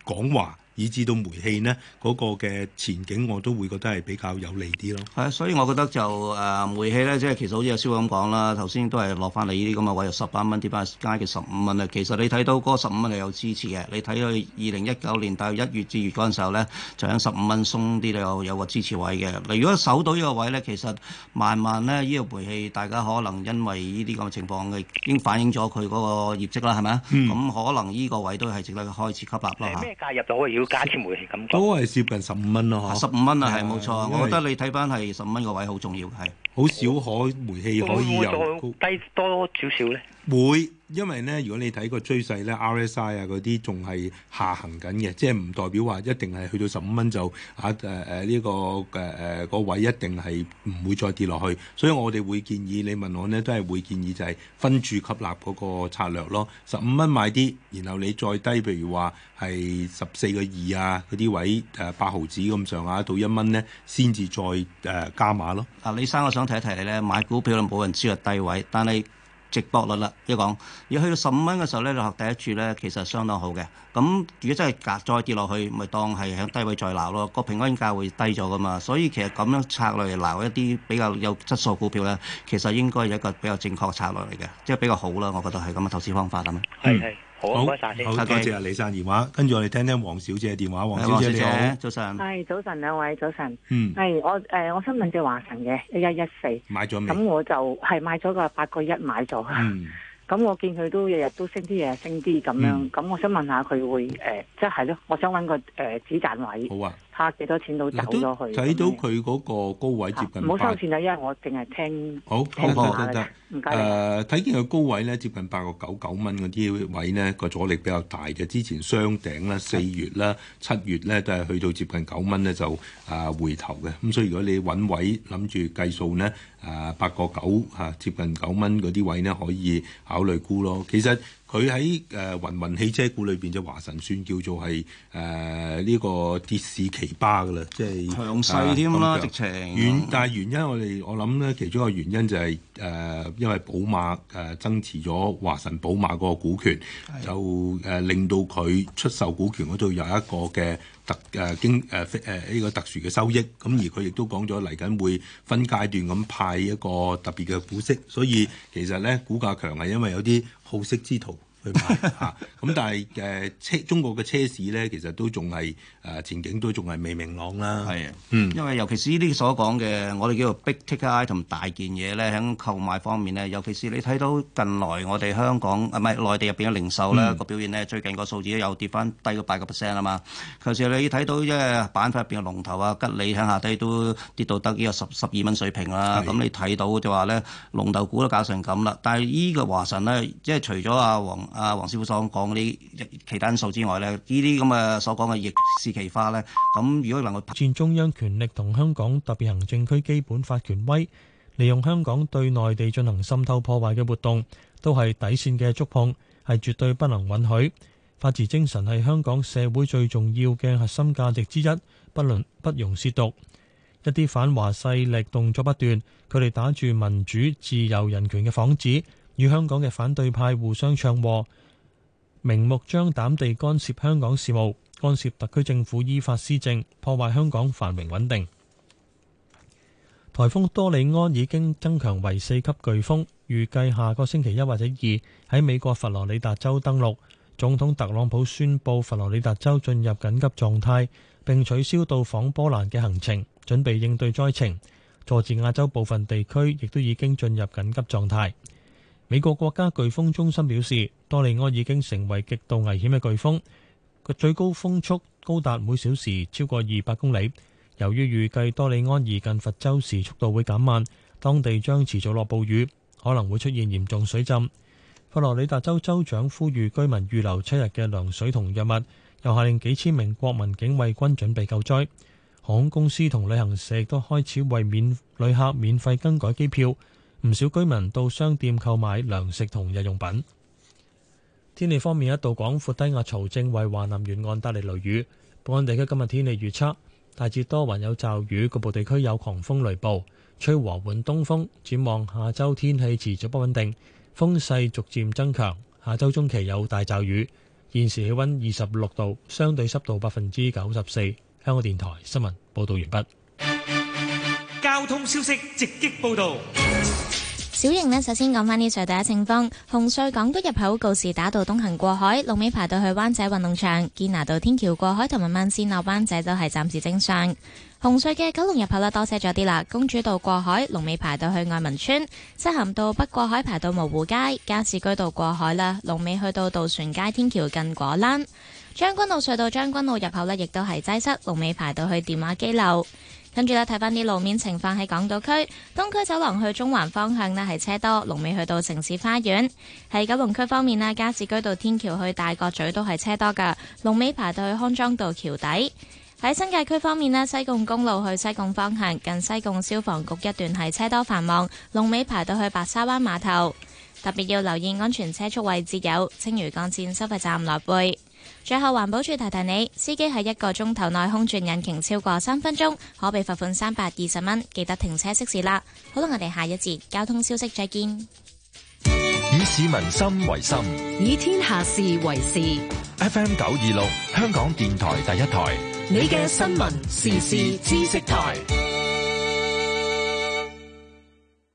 港華。以至到煤氣呢嗰、那個嘅前景，我都會覺得係比較有利啲咯。係所以我覺得就誒、呃、煤氣呢，即係其實好似阿蕭咁講啦，頭先都係落翻嚟呢啲咁嘅位，由十八蚊跌翻去街嘅十五蚊啊。其實你睇到嗰十五蚊係有支持嘅，你睇到二零一九年大約一月至月嗰陣時候呢，就喺十五蚊鬆啲你有有個支持位嘅。如果守到呢個位呢，其實慢慢呢，呢、這個煤氣大家可能因為呢啲咁嘅情況，係已經反映咗佢嗰個業績啦，係咪？咁可能呢個位都係值得開始吸納啦嚇。誒咩、嗯、介入咗加添煤氣咁多，都係接近十五蚊咯，嚇十五蚊啊，係冇是錯，因為 我覺得你睇返係十五蚊個位好重要嘅，係好少可煤氣可以低多少少咧。會，因為咧，如果你睇個趨勢咧，RSI 啊嗰啲仲係下行緊嘅，即係唔代表話一定係去到十五蚊就啊誒誒呢個誒誒、啊呃那個、位一定係唔會再跌落去，所以我哋會建議你問我咧，都係會建議就係分住吸納嗰個策略咯。十五蚊買啲，然後你再低，譬如話係十四個二啊嗰啲位誒八、呃、毫子咁上下到一蚊咧，先至再誒、呃、加碼咯。啊，李生，我想提一提你咧，買股票咧冇人知係低位，但係。直播率啦，即係講，而去到十五蚊嘅時候咧，你學第一注咧，其實相當好嘅。咁如果真係價再跌落去，咪當係喺低位再撈咯。個平均價會低咗噶嘛，所以其實咁樣策略嚟撈一啲比較有質素股票咧，其實應該係一個比較正確嘅策略嚟嘅，即係比較好啦。我覺得係咁嘅投資方法咁啊。係係是。嗯。好，多謝啊李生電話，跟住我哋聽聽黃小姐嘅電話。黃小姐你好，早晨上，係早晨，兩位早晨。嗯，係我誒，我身份證華晨嘅一一一四，買咗未？咁我就係買咗個八個一買咗。嗯，咁我見佢都日日都升啲日日，升啲咁樣。咁我想問下佢會誒，即係咯，我想搵個誒止賺位。好啊。蝦幾多錢都走咗去了，睇到佢嗰個高位接近8、啊。唔好收錢啊，因為我淨係聽。好，得得得得。誒、哦，睇、呃、見個高位咧接近八個九九蚊嗰啲位咧，個阻力比較大嘅。之前雙頂啦，四月啦、七月咧都係去到接近九蚊咧就啊回頭嘅。咁所以如果你揾位諗住計數咧啊，八個九啊接近九蚊嗰啲位咧可以考慮沽咯。其實。佢喺誒雲雲汽車股裏邊，就華晨算叫做係誒呢個跌市奇葩嘅啦，即係強勢添啦，直情。但係原因我，我哋我諗咧，其中一個原因就係、是。誒、呃，因為寶馬誒增、呃、持咗華晨寶馬個股權，的就誒、呃、令到佢出售股權嗰度有一個嘅特誒、呃、經誒誒呢個特殊嘅收益，咁、呃、而佢亦都講咗嚟緊會分階段咁派一個特別嘅股息，所以其實咧股價強係因為有啲好息之徒。去買嚇，咁但係誒車中國嘅車市咧，其實都仲係誒前景都仲係未明朗啦。係啊，嗯，因為尤其是呢啲所講嘅，我哋叫做 big ticket 同大件嘢咧，喺購買方面咧，尤其是你睇到近來我哋香港啊，唔係內地入邊嘅零售咧、個表現咧，最近個數字又跌翻低咗八個 percent 啊嘛。尤其是你睇到即係板塊入邊嘅龍頭啊，吉利喺下低都跌到得呢個十十二蚊水平啦。咁是、嗯、你睇到就話咧，龍頭股都搞成咁啦。但係依個華晨咧，即係除咗阿、啊、王。啊，黃師傅所講嗰啲其他因素之外咧，呢啲咁嘅所講嘅逆市奇化咧，咁如果能夠挑戰中央權力同香港特別行政區基本法權威，利用香港對內地進行滲透破壞嘅活動都係底綫嘅觸碰，係絕對不能允許。法治精神係香港社會最重要嘅核心價值之一，不能不容褻瀆，一啲反華勢力動作不斷，佢哋打住民主、自由、人權嘅幌子。與香港嘅反對派互相唱和，明目張膽地干涉香港事務，干涉特區政府依法施政，破壞香港繁榮穩定。台風多利安已經增強為四級颶風，預計下個星期一或者二喺美國佛羅里達州登陸。總統特朗普宣布佛羅里達州進入緊急狀態，並取消到訪波蘭嘅行程，準備應對災情。佐治亞州部分地區亦都已經進入緊急狀態。美國國家颶風中心表示，多利安已經成為極度危險嘅颶風，佢最高風速高達每小時超過二百公里。由於預計多利安移近佛州時速度會減慢，當地將持續落暴雨，可能會出現嚴重水浸。佛羅里達州州長呼籲居民預留七日嘅涼水同藥物，又下令幾千名國民警衛軍準備救災。航空公司同旅行社都開始為旅客免費更改機票。唔少居民到商店購買糧食同日用品。天氣方面，一道廣闊低壓槽正為華南沿岸帶嚟雷雨。本港地區今日天氣預測大致多雲有驟雨，局部地區有狂風雷暴，吹和緩東風。展望下周天氣持續不穩定，風勢逐漸增強。下周中期有大驟雨。現時氣溫二十六度，相對濕度百分之九十四。香港電台新聞報道完畢。交通消息直擊報道。小瑩呢，首先講返呢處第一情況，紅隧港島入口告士打道東行過海，龍尾排到去灣仔運動場；堅拿道天橋過海同埋慢線落灣仔都係暫時正常。紅隧嘅九龍入口呢，多車咗啲啦，公主道過海，龍尾排到去愛民邨；漆咸道北過海排到蕪湖街；加士居道過海啦，龍尾去到渡船街天橋近果欄；將軍澳隧道將軍澳入口呢，亦都係擠塞，龍尾排到去電話機樓。跟住咧，睇翻啲路面情況喺港島區，東區走廊去中環方向咧係車多，龍尾去到城市花園；喺九龍區方面咧，加士居道天橋去大角咀都係車多嘅，龍尾排到去康莊道橋底；喺新界區方面咧，西貢公路去西貢方向近西貢消防局一段係車多繁忙，龍尾排到去白沙灣碼頭。特別要留意安全車速位置有青嶼幹線收費站立會。最後環，環保處提提你，司機喺一個鐘頭內空轉引擎超過三分鐘，可被罰款三百二十蚊。記得停車熄匙啦。好啦，我哋下一節交通消息再見。以市民心為心，以天下事為事。F M 九二六，香港電台第一台，你嘅新聞時事知識台。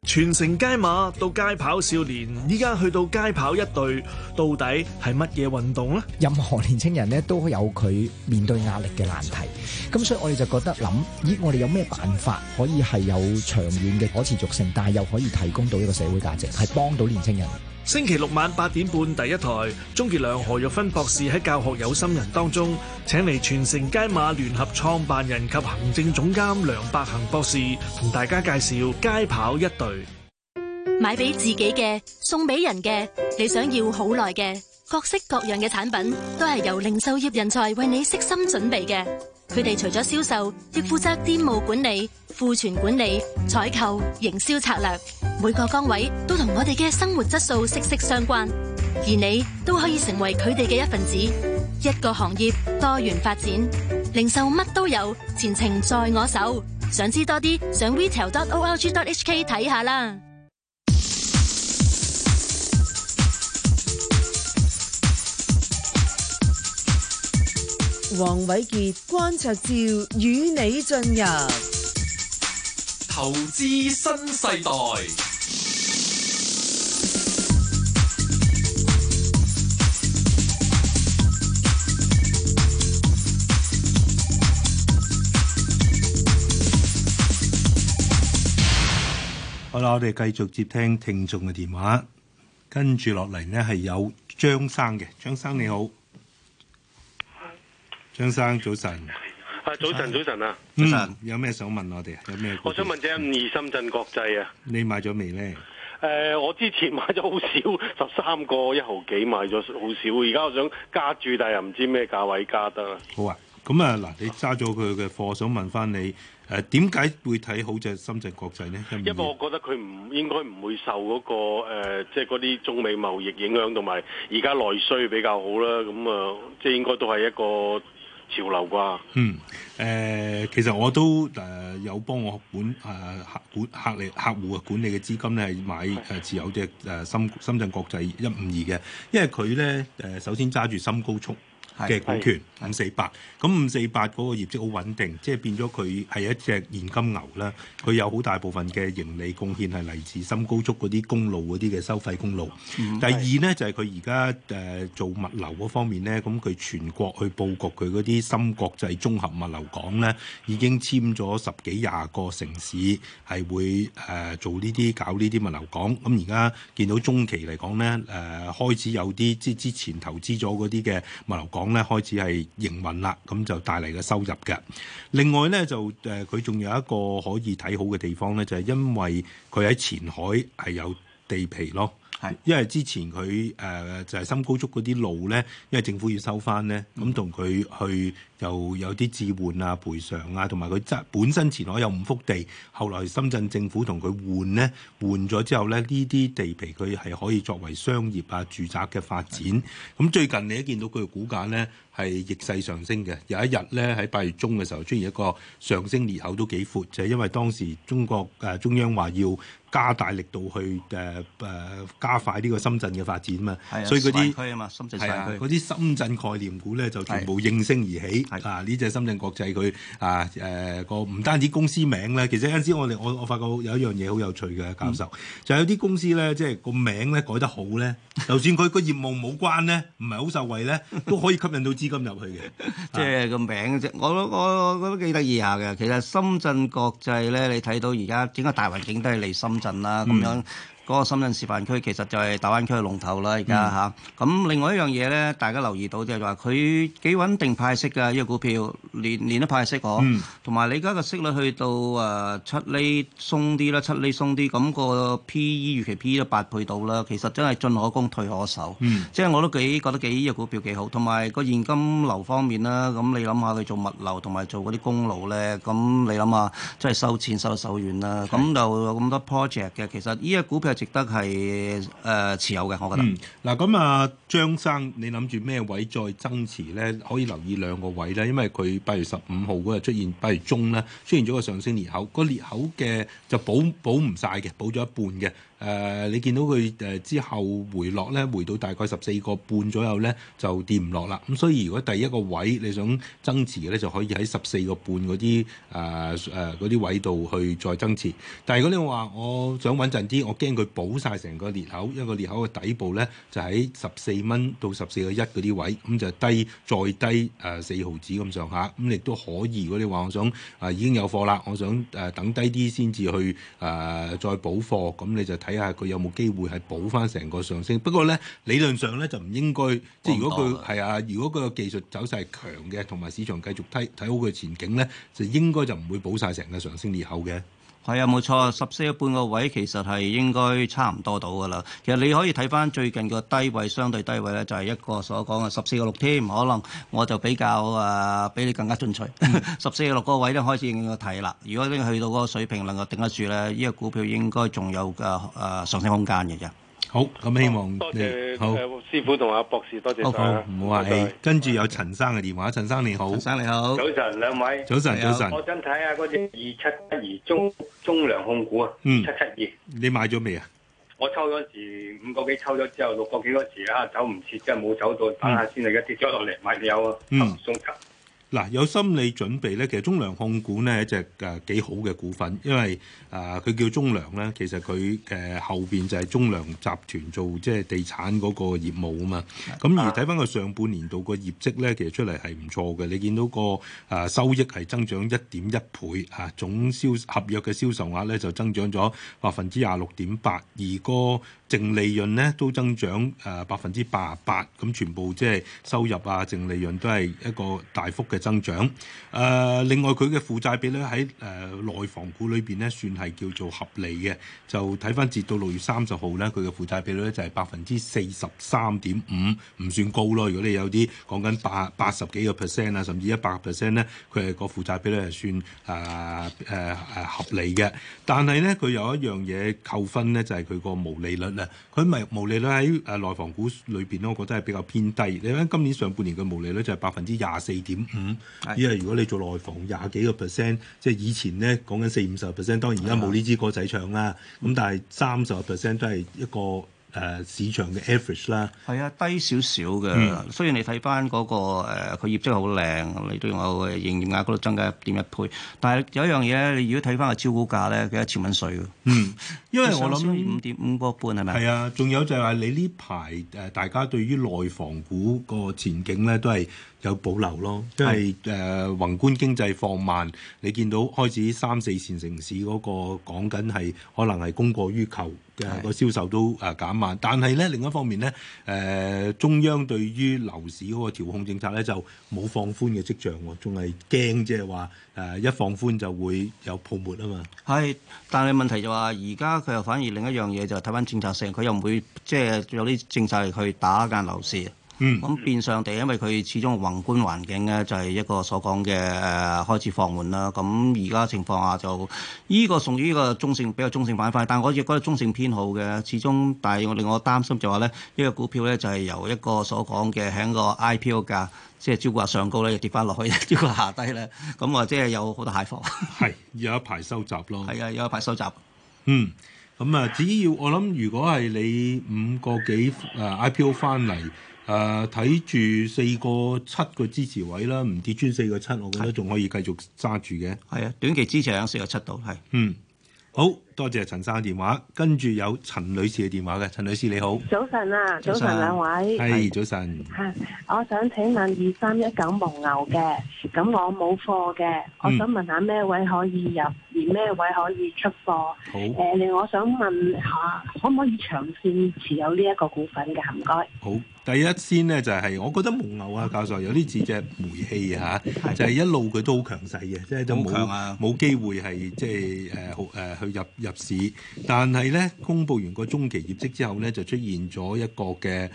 全城街馬到街跑少年，依家去到街跑一隊，到底係乜嘢運動咧？任何年青人咧都有佢面對壓力嘅難題，咁所以我哋就覺得諗，咦，我哋有咩辦法可以係有長遠嘅可持續性，但係又可以提供到一個社會價值，係幫到年青人。星期六晚八點半，第一台，鍾杰良、何玉芬博士喺教學有心人當中，請嚟全城街馬聯合創辦人及行政總監梁百行博士同大家介紹街跑一隊。佢哋除咗銷售，亦負責店務管理、庫存管理、採購、營銷策略。每個崗位都同我哋嘅生活質素息息相關，而你都可以成為佢哋嘅一份子。一個行業多元發展，零售乜都有，前程在我手。想知多啲，上 Retail.OLG.HK 睇下啦。黃瑋傑關焯照與你進入投資新世代。好啦，我哋繼續接聽聽眾嘅電話，跟住落嚟呢係有張生嘅，張生你好。張生早晨，啊早晨早晨啊，嗯、晨有咩想問我哋啊？有咩？我想問隻五二深圳國際啊，你買咗未咧？誒、呃，我之前買咗好少，十三個一毫幾買咗好少，而家我想加住，但係又唔知咩價位加得啊。好啊，咁啊嗱，你揸咗佢嘅貨，想問翻你誒點解會睇好隻深圳國際咧？因為，我覺得佢唔應該唔會受嗰、那個、呃、即係嗰啲中美貿易影響，同埋而家內需比較好啦。咁啊、呃，即係應該都係一個。潮流啩，嗯，誒、呃，其實我都誒有幫我管誒客管客嚟客戶啊管理嘅資金咧，係買誒、呃、持有隻誒、呃、深深圳國際一五二嘅，因為佢咧誒首先揸住深高速嘅股權五四八，咁五四八嗰個業績好穩定，即係變咗佢係一隻現金牛啦。佢有好大部分嘅盈利貢獻係嚟自深高速嗰啲公路嗰啲嘅收費公路。嗯、第二咧就係佢而家誒做物流嗰方面咧，咁、嗯、佢全國去布局佢嗰啲深國際綜合物流港咧，已經簽咗十幾廿個城市係會誒、呃、做呢啲搞呢啲物流港。咁而家見到中期嚟講咧誒，開始有啲即係之前投資咗嗰啲嘅物流港，咧開始係營運啦，咁就帶嚟嘅收入嘅。另外咧就誒佢仲有一個可以睇好嘅地方咧，就係、是、因為佢喺前海係有。地皮咯，因為之前佢誒、呃、就係、是、深高速嗰啲路咧，因為政府要收翻咧，咁同佢去又有啲置換啊、賠償啊，同埋佢則本身前海有五幅地，後來深圳政府同佢換咧，換咗之後咧，呢啲地皮佢係可以作為商業啊、住宅嘅發展。咁的最近你都見到佢嘅股價咧係逆勢上升嘅，有一日咧喺八月中嘅時候出現一個上升裂口都幾闊，就係因為當時中國誒、呃、中央話要。加大力度去誒誒、呃、加快呢個深圳嘅發展啊嘛，係啊，所以嗰啲係啊，嗰啲深圳概念股咧就全部應聲而起。啊，呢隻、啊啊、深圳國際佢啊誒個唔單止公司名咧，其實有陣時我哋我我發覺有一樣嘢好有趣嘅，教授、嗯、就係有啲公司咧，即係個名咧改得好咧， 就算佢個業務冇關咧，唔係好受惠咧，都可以吸引到資金入去嘅。 即係個名，即我都我，我，我，我，我都覺得幾得意下嘅。其實深圳國際咧，你睇到而家整個大環境都係嚟深圳神啦，咁樣。그러면嗰個深圳示範區其實就係大灣區嘅龍頭啦，而家嚇。咁另外一樣嘢咧，大家留意到就係話佢幾穩定派息㗎，呢個股票年年都派息嗬。同埋你而家個息率去到誒七厘鬆啲啦，七厘鬆啲。咁個 PE，預期 PE 都八倍到啦，其實真係進可攻退可守。即係我都幾覺得幾呢個股票幾好，同埋個現金流方面啦。咁你諗下佢做物流同埋做嗰啲公路咧，咁你諗下即係收錢收得手軟啦。咁就有咁多 project 嘅，其實呢個股票。值得係誒、呃、持有嘅，我覺得、嗯。嗱咁啊。張生，你諗住咩位再增持呢？可以留意兩個位呢，因為佢八月十五號嗰日出現八月中呢出現咗個上升裂口，個裂口嘅就補補唔晒嘅，補咗一半嘅。誒、呃，你見到佢誒之後回落呢，回到大概十四個半左右呢，就跌唔落啦。咁所以如果第一個位你想增持嘅呢，就可以喺十四個半嗰啲誒誒啲位度去再增持。但係如果你話我想穩陣啲，我驚佢補晒成個裂口，因為個裂口嘅底部呢，就喺十四蚊到十四個一嗰啲位，咁就低再低誒四、呃、毫子咁上下，咁亦都可以。如果你話我想誒、呃、已經有貨啦，我想誒、呃、等低啲先至去誒、呃、再補貨，咁你就睇下佢有冇機會係補翻成個上升。不過咧理論上咧就唔應該，即係如果佢係啊，如果佢個技術走勢係強嘅，同埋市場繼續推睇好佢前景咧，就應該就唔會補晒成個上升裂口嘅。係啊，冇錯，十四個半個位其實係應該差唔多到噶啦。其實你可以睇返最近個低位，相對低位咧，就係、是、一個所講嘅十四個六添。可能我就比較誒、呃，比你更加進取。 十四個六嗰個位都開始要睇啦。如果已經去到嗰個水平，能夠頂得住咧，呢、這個股票應該仲有嘅誒、呃、上升空間嘅啫。好咁希望多謝好，好師傅同阿博士多謝好，唔好客氣。跟住有陳生嘅電話，陳生你好。陳生你好。早晨兩位。早晨早晨。我想睇下嗰隻二七二中中糧控股啊，七七二。你買咗未啊？我抽嗰時五個幾抽咗之後，六個幾嗰時啊，走唔切，即係冇走到，等下先啊，跌咗落嚟買有啊，嗯、送七。嗱，有心理準備咧，其實中糧控股咧一隻誒幾好嘅股份，因為誒佢叫中糧咧，其實佢誒後邊就係中糧集團做即係地產嗰個業務啊嘛。咁、嗯、而睇翻佢上半年度個業績咧，其實出嚟係唔錯嘅。你見到個誒收益係增長一點一倍啊，總銷合約嘅銷售額咧就增長咗百分之廿六點八，而、個淨利潤咧都增長誒百分之八十八，咁全部即係收入啊淨利潤都係一個大幅嘅增長。誒、呃、另外佢嘅負債比率喺誒內房股裏邊咧算係叫做合理嘅。就睇翻截到六月三十號咧，佢嘅負債比率咧就係百分之四十三點五，唔算高咯。如果你有啲講緊八八十幾個 percent 啊，甚至一百 percent 咧，佢係個負債比率係算誒誒誒合理嘅。但係咧佢有一樣嘢扣分咧就係佢個毛利率。佢咪毛利率喺、啊、內房股裏邊咯，我覺得係比較偏低。你睇今年上半年嘅毛利率就係百分之廿四點五，是因為如果你做內房廿幾個 percent，即係以前咧講緊四五十 percent，當然而家冇呢支歌仔唱啦。咁是但係三十個 percent 都係一個。誒、uh, 市場嘅 average 啦，係啊，低少少嘅。嗯、雖然你睇翻嗰個佢、呃、業績好靚，你都話營業額嗰度增加一點一倍，但係有一樣嘢咧，你如果睇翻個招股價咧，幾多千蚊碎嗯，因為我諗五點五個半係咪？係啊，仲有就係話你呢排誒，大家對於內房股個前景咧，都係。有保留咯，即係誒、呃、宏觀經濟放慢，你見到開始三四線城市嗰個講緊係可能係供過於求嘅，個銷售都誒減慢，但係咧另一方面咧誒、呃、中央對於樓市嗰個調控政策咧就冇放寬嘅跡象喎，仲係驚即係話誒一放寬就會有泡沫啊嘛。係，但係問題就話而家佢又反而另一樣嘢就睇、是、翻政策性，佢又唔會即係、就是、有啲政策去打壓樓市。嗯，咁變相地，因為佢始終宏觀環境咧，就係、是、一個所講嘅誒開始放緩啦。咁而家情況下就依個屬於依個中性比較中性板塊，但我亦覺得中性偏好嘅，始終但係令我擔心就話咧，呢個股票咧就係、是、由一個所講嘅喺個 IPO 價，即係只不過上高咧又跌翻落去，只不過下低咧，咁即係有好多蟹貨。係有一排收集咯。係啊，有一排收集。 收集，嗯，咁啊，只要我諗，如果係你五個幾誒 IPO 翻嚟。呃誒睇住四個七個支持位啦，唔跌穿四個七，我覺得仲可以繼續揸住嘅。係啊，短期支持喺四個七度，係。嗯，好。多謝陳生嘅電話，跟住有陳女士嘅電話嘅。陳女士你好。早晨啊，早晨兩位，係早晨，係，我想請問二三一九蒙牛嘅，咁我冇貨嘅，我想問下咩位可以入，而咩位可以出貨？好，誒、呃，另我想問下，可唔可以長線持有呢一個股份嘅？唔該。好，第一先呢就係，我覺得蒙牛啊，教授有啲似隻煤氣吓，就係一路佢都好強勢嘅，即係都冇冇機會係即係誒誒去入。入市，但係咧，公布完個中期業績之後咧，就出現咗一個嘅誒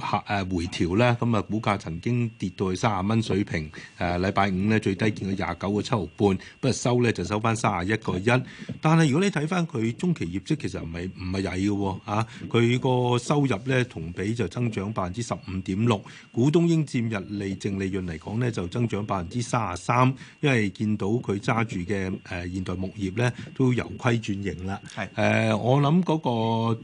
下誒回調啦。咁啊，股價曾經跌到去卅蚊水平。誒、啊，禮拜五咧最低見到廿九個七毫半，不過收咧就收翻卅一個一。但係如果你睇翻佢中期業績，其實唔係唔係曳嘅喎嚇。佢個收入咧同比就增長百分之十五點六，股東應佔溢利淨利潤嚟講咧就增長百分之三十三。因為見到佢揸住嘅誒現代牧業咧都有。由規轉型啦，係誒是、呃，我諗嗰、那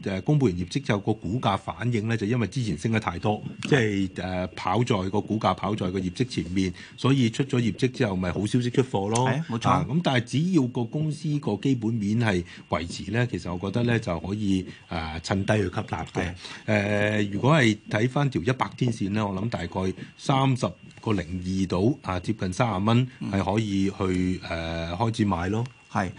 個、呃、公佈完業績之後，個股價反應咧，就因為之前升得太多，是即係誒、呃、跑在個股價跑在個業績前面，所以出咗業績之後，咪好消息出貨咯，冇錯。咁、呃、但係只要個公司個基本面係維持咧，其實我覺得咧就可以誒、呃、趁低去吸納嘅。誒是、呃，如果係睇翻條一百天線咧，我諗大概三十個零二度，啊，接近三十蚊係可以去誒、呃、開始買咯。係，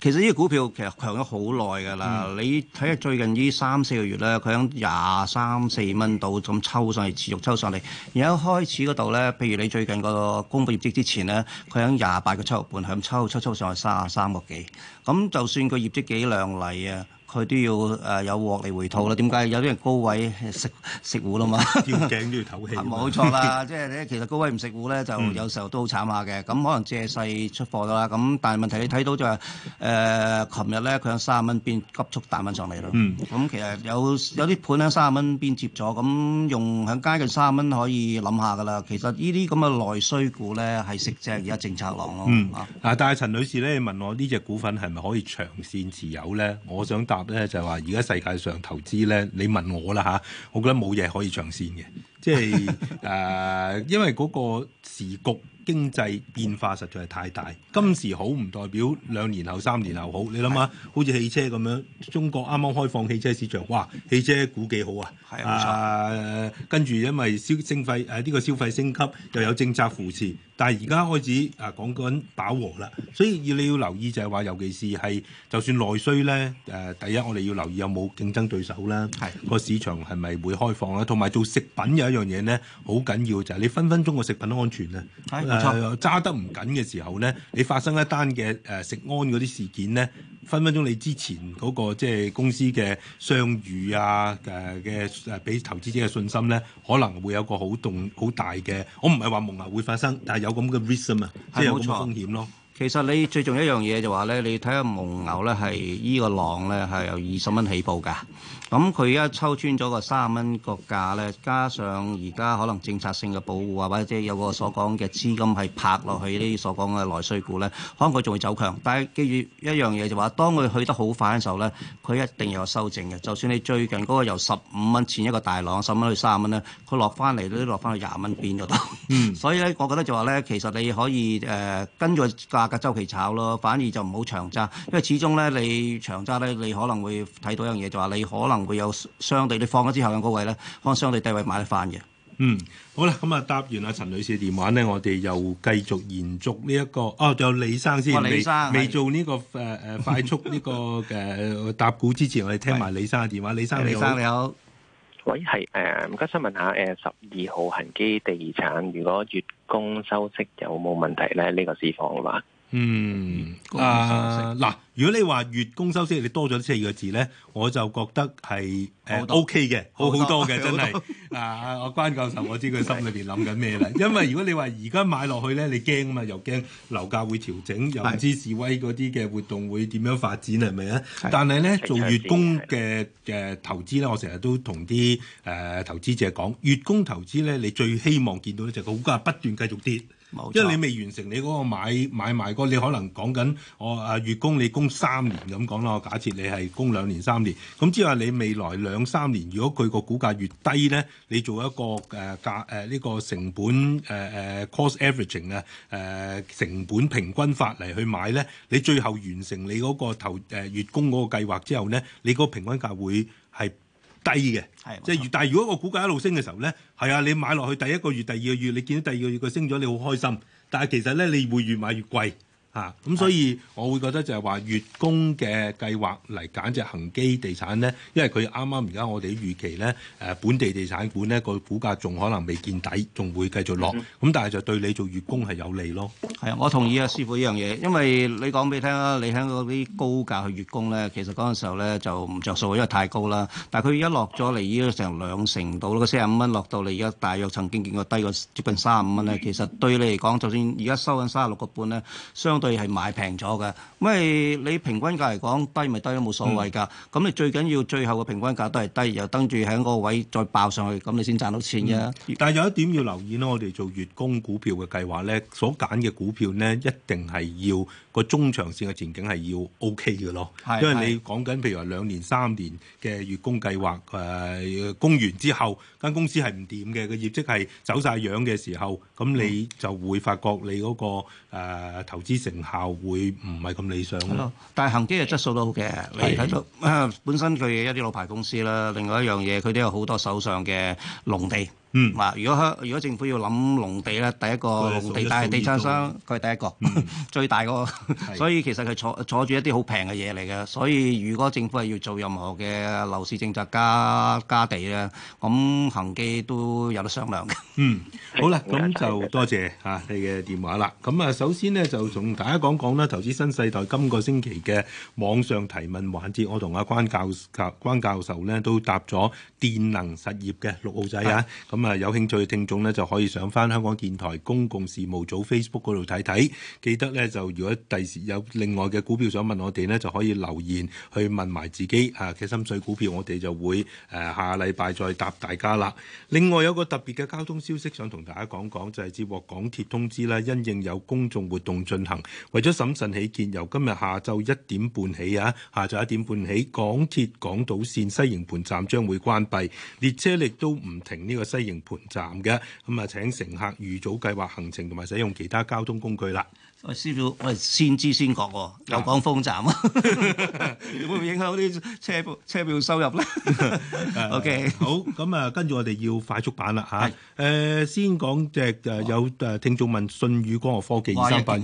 其實呢個股票其實強咗好耐㗎啦。嗯、你睇下最近呢三四個月咧，佢喺廿三四蚊度咁抽上嚟，持續抽上嚟。然後開始嗰度咧，譬如你最近個公布業績之前咧，佢喺廿八個七毫半，響抽抽抽上去三十三個幾。咁就算個業績幾亮麗啊！佢都要誒有獲利回吐啦？點解？有啲人高位食食糊啦嘛，吊 頸都要唞氣。冇 錯啦，即係你其實高位唔食糊咧，就有時候都好慘下嘅。咁可能借勢出貨啦。咁但係問題你睇到就係、是、誒，琴、呃、日咧佢喺卅蚊邊急速彈翻上嚟咯。咁 其實有有啲盤喺卅蚊邊接咗，咁用喺街近卅蚊可以諗下㗎啦。其實呢啲咁嘅內需股咧，係食正而家政策浪咯。嗱， 但係陳女士咧你問我呢隻股份係咪可以長線持有咧？我想答。咧就話而家世界上投資咧，你問我啦吓，我覺得冇嘢可以長線嘅，即係誒、 呃，因為嗰個時局。經濟變化實在係太大，今時好唔代表兩年後、三年後好。你諗下，的好似汽車咁樣，中國啱啱開放汽車市場，哇，汽車股幾好啊！係的啊，冇錯，跟住因為消升費呢、啊呢個消費升級又有政策扶持，但係而家開始啊講緊飽和啦，所以要你要留意就係話，尤其是係就算內需咧誒、啊，第一我哋要留意有冇競爭對手啦，的個市場係咪會開放啦？同埋做食品有一樣嘢咧，好緊要就係你分分鐘個食品安全咧。係揸得唔緊嘅時候咧，你發生一單嘅誒食安嗰啲事件咧，分分鐘你之前嗰、嗰個即係公司嘅商譽啊誒嘅誒，俾、呃、投資者嘅信心咧，可能會有個好動好大嘅，我唔係話蒙牛會發生，但係有咁嘅 risk 啊嘛，係冇錯即係有咁嘅風險咯。其實你最重要一樣嘢就話咧，你睇下蒙牛咧係依個浪咧係由二十蚊起步噶。咁佢而家抽穿咗個三十蚊個價咧，加上而家可能政策性嘅保護啊，或者即係有個所講嘅資金係拍落去呢啲所講嘅內需股咧，可能佢仲會走強。但係記住一樣嘢就話，當佢去得好快嘅時候咧，佢一定有修正嘅。就算你最近嗰個由十五蚊錢一個大浪十蚊去三十蚊咧，佢落翻嚟都落翻去廿蚊邊嗰度。嗯。所以咧，我覺得就話咧，其實你可以誒、呃、跟住價格周期炒咯，反而就唔好長揸，因為始終咧你長揸咧，你可能會睇到一樣嘢就話你可能。會有相對，你放咗之後咧，各位咧，可能相對低位買得翻嘅。嗯，好啦，咁啊，答完阿陳女士電話咧，我哋又繼續延續呢、這、一個，哦，仲有李生先、哦。李生，未，是未做呢個誒誒快速呢、這個誒答股之前，我哋聽埋李生嘅電話。是李生，你好。李生你好。喂，係誒，唔、呃、該，想問下誒，十、呃、二號恒基地產，如果月供收息有冇問題咧？呢、這個市況啊嘛。嗯，啊嗱，如果你話月供收息，你多咗四個字咧，我就覺得係誒 O K 嘅，好、呃、好多嘅、OK、的多真係。 啊，我關教授，我知佢心裏邊諗緊咩啦。是 因為如果你話而家買落去咧，你驚啊嘛，又驚樓價會調整，又唔知示威嗰啲嘅活動會點樣發展係咪咧？是是呢的但係咧，做月供嘅嘅投資咧，我成日都同啲誒投資者講，月供投資咧，你最希望見到咧就係個股價不斷繼續跌，因為你未完成你嗰個買買賣嗰，你可能講緊我啊月供你供三年咁講啦，假設你係供兩年三年，咁即係話你未來兩三年，如果佢個股價越低咧，你做一個誒價誒呢個成本誒誒、呃、cost averaging 啊、呃、誒成本平均法嚟去買咧，你最後完成你嗰個投誒、呃、月供嗰個計劃之後咧，你個平均價會低嘅，即係是越錯但係如果個股價一路升嘅時候咧，係啊，你買落去第一個月、第二個月，你見到第二個月佢升咗，你好開心，但係其實咧，你會越買越貴。咁、嗯、所以我會覺得就係話月供嘅計劃嚟揀隻恒基地產咧，因為佢啱啱而家我哋預期咧，誒、呃、本地地產股咧個股價仲可能未見底，仲會繼續落。咁、嗯嗯、但係就對你做月供係有利咯。係啊，我同意啊，師傅依樣嘢，因為你講俾你聽啦，你喺嗰啲高價去月供咧，其實嗰陣時候咧就唔着數，因為太高啦。但係佢而家落咗嚟，依家成兩成度咯，四十五蚊落到嚟，而家大約曾經見過低過接近三十五蚊咧，其實對你嚟講，就算而家收緊三十六個半咧，相對。佢係買平咗嘅，咁，誒你平均價嚟講低咪低都冇所謂噶，咁、嗯、你最緊要最後嘅平均價都係低，又登住響個位再爆上去，咁你先賺到錢嘅、嗯。但係有一點要留意咯，我哋做月供股票嘅計劃咧，所揀嘅股票咧，一定係要個中長線嘅前景係要 O K 嘅咯。係係係。因為你講緊譬如話兩年三年嘅月供計劃誒供完之後間公司係唔掂嘅，個業績係走晒樣嘅時候，咁你就會發覺你嗰個誒投資成。效會唔係咁理想咯，但係恒基嘅質素都好嘅，係嘅。你睇到、呃、本身佢嘅一啲老牌公司啦，另外一樣嘢佢都有好多手上嘅農地。嗯，嗱，如果如果政府要諗農地咧，第一個農地但係地產商佢係第一個、嗯、最大個， 所以其實佢坐坐住一啲好平嘅嘢嚟嘅。所以如果政府係要做任何嘅樓市政策加加地咧，咁恆基都有得商量嘅。嗯，好啦，咁的就多謝嚇你嘅電話啦。咁啊，首先呢，就同大家講講啦，投資新世代今個星期嘅網上提問環節，我同阿、啊、關教教關教授咧都答咗電能實業嘅六號仔啊。咁啊、嗯，有興趣嘅聽眾咧，就可以上翻香港電台公共事務組 Facebook 度睇睇。記得咧，就如果第時有另外嘅股票想問我哋咧，就可以留言去問埋自己啊嘅心水股票，我哋就會誒、呃、下禮拜再答大家啦。另外有個特別嘅交通消息想同大家講講，就係、是、接獲港鐵通知啦，因應有公眾活動進行，為咗審慎起見，由今日下晝一點半起啊，下晝一點半起，港鐵港島線西營盤站將會關閉，列車亦都唔停呢個西。營盤站嘅咁啊，請乘客預早計劃行程同埋使用其他交通工具啦。師傅，我係先知先覺，有講封站，會唔會影響啲車票車票收入咧 ？OK， 嗯嗯、好，咁啊，跟住我哋要快速版啦吓。誒、啊，先講隻誒，有、呃、誒，哦、聽眾問舜宇光學科技二三八。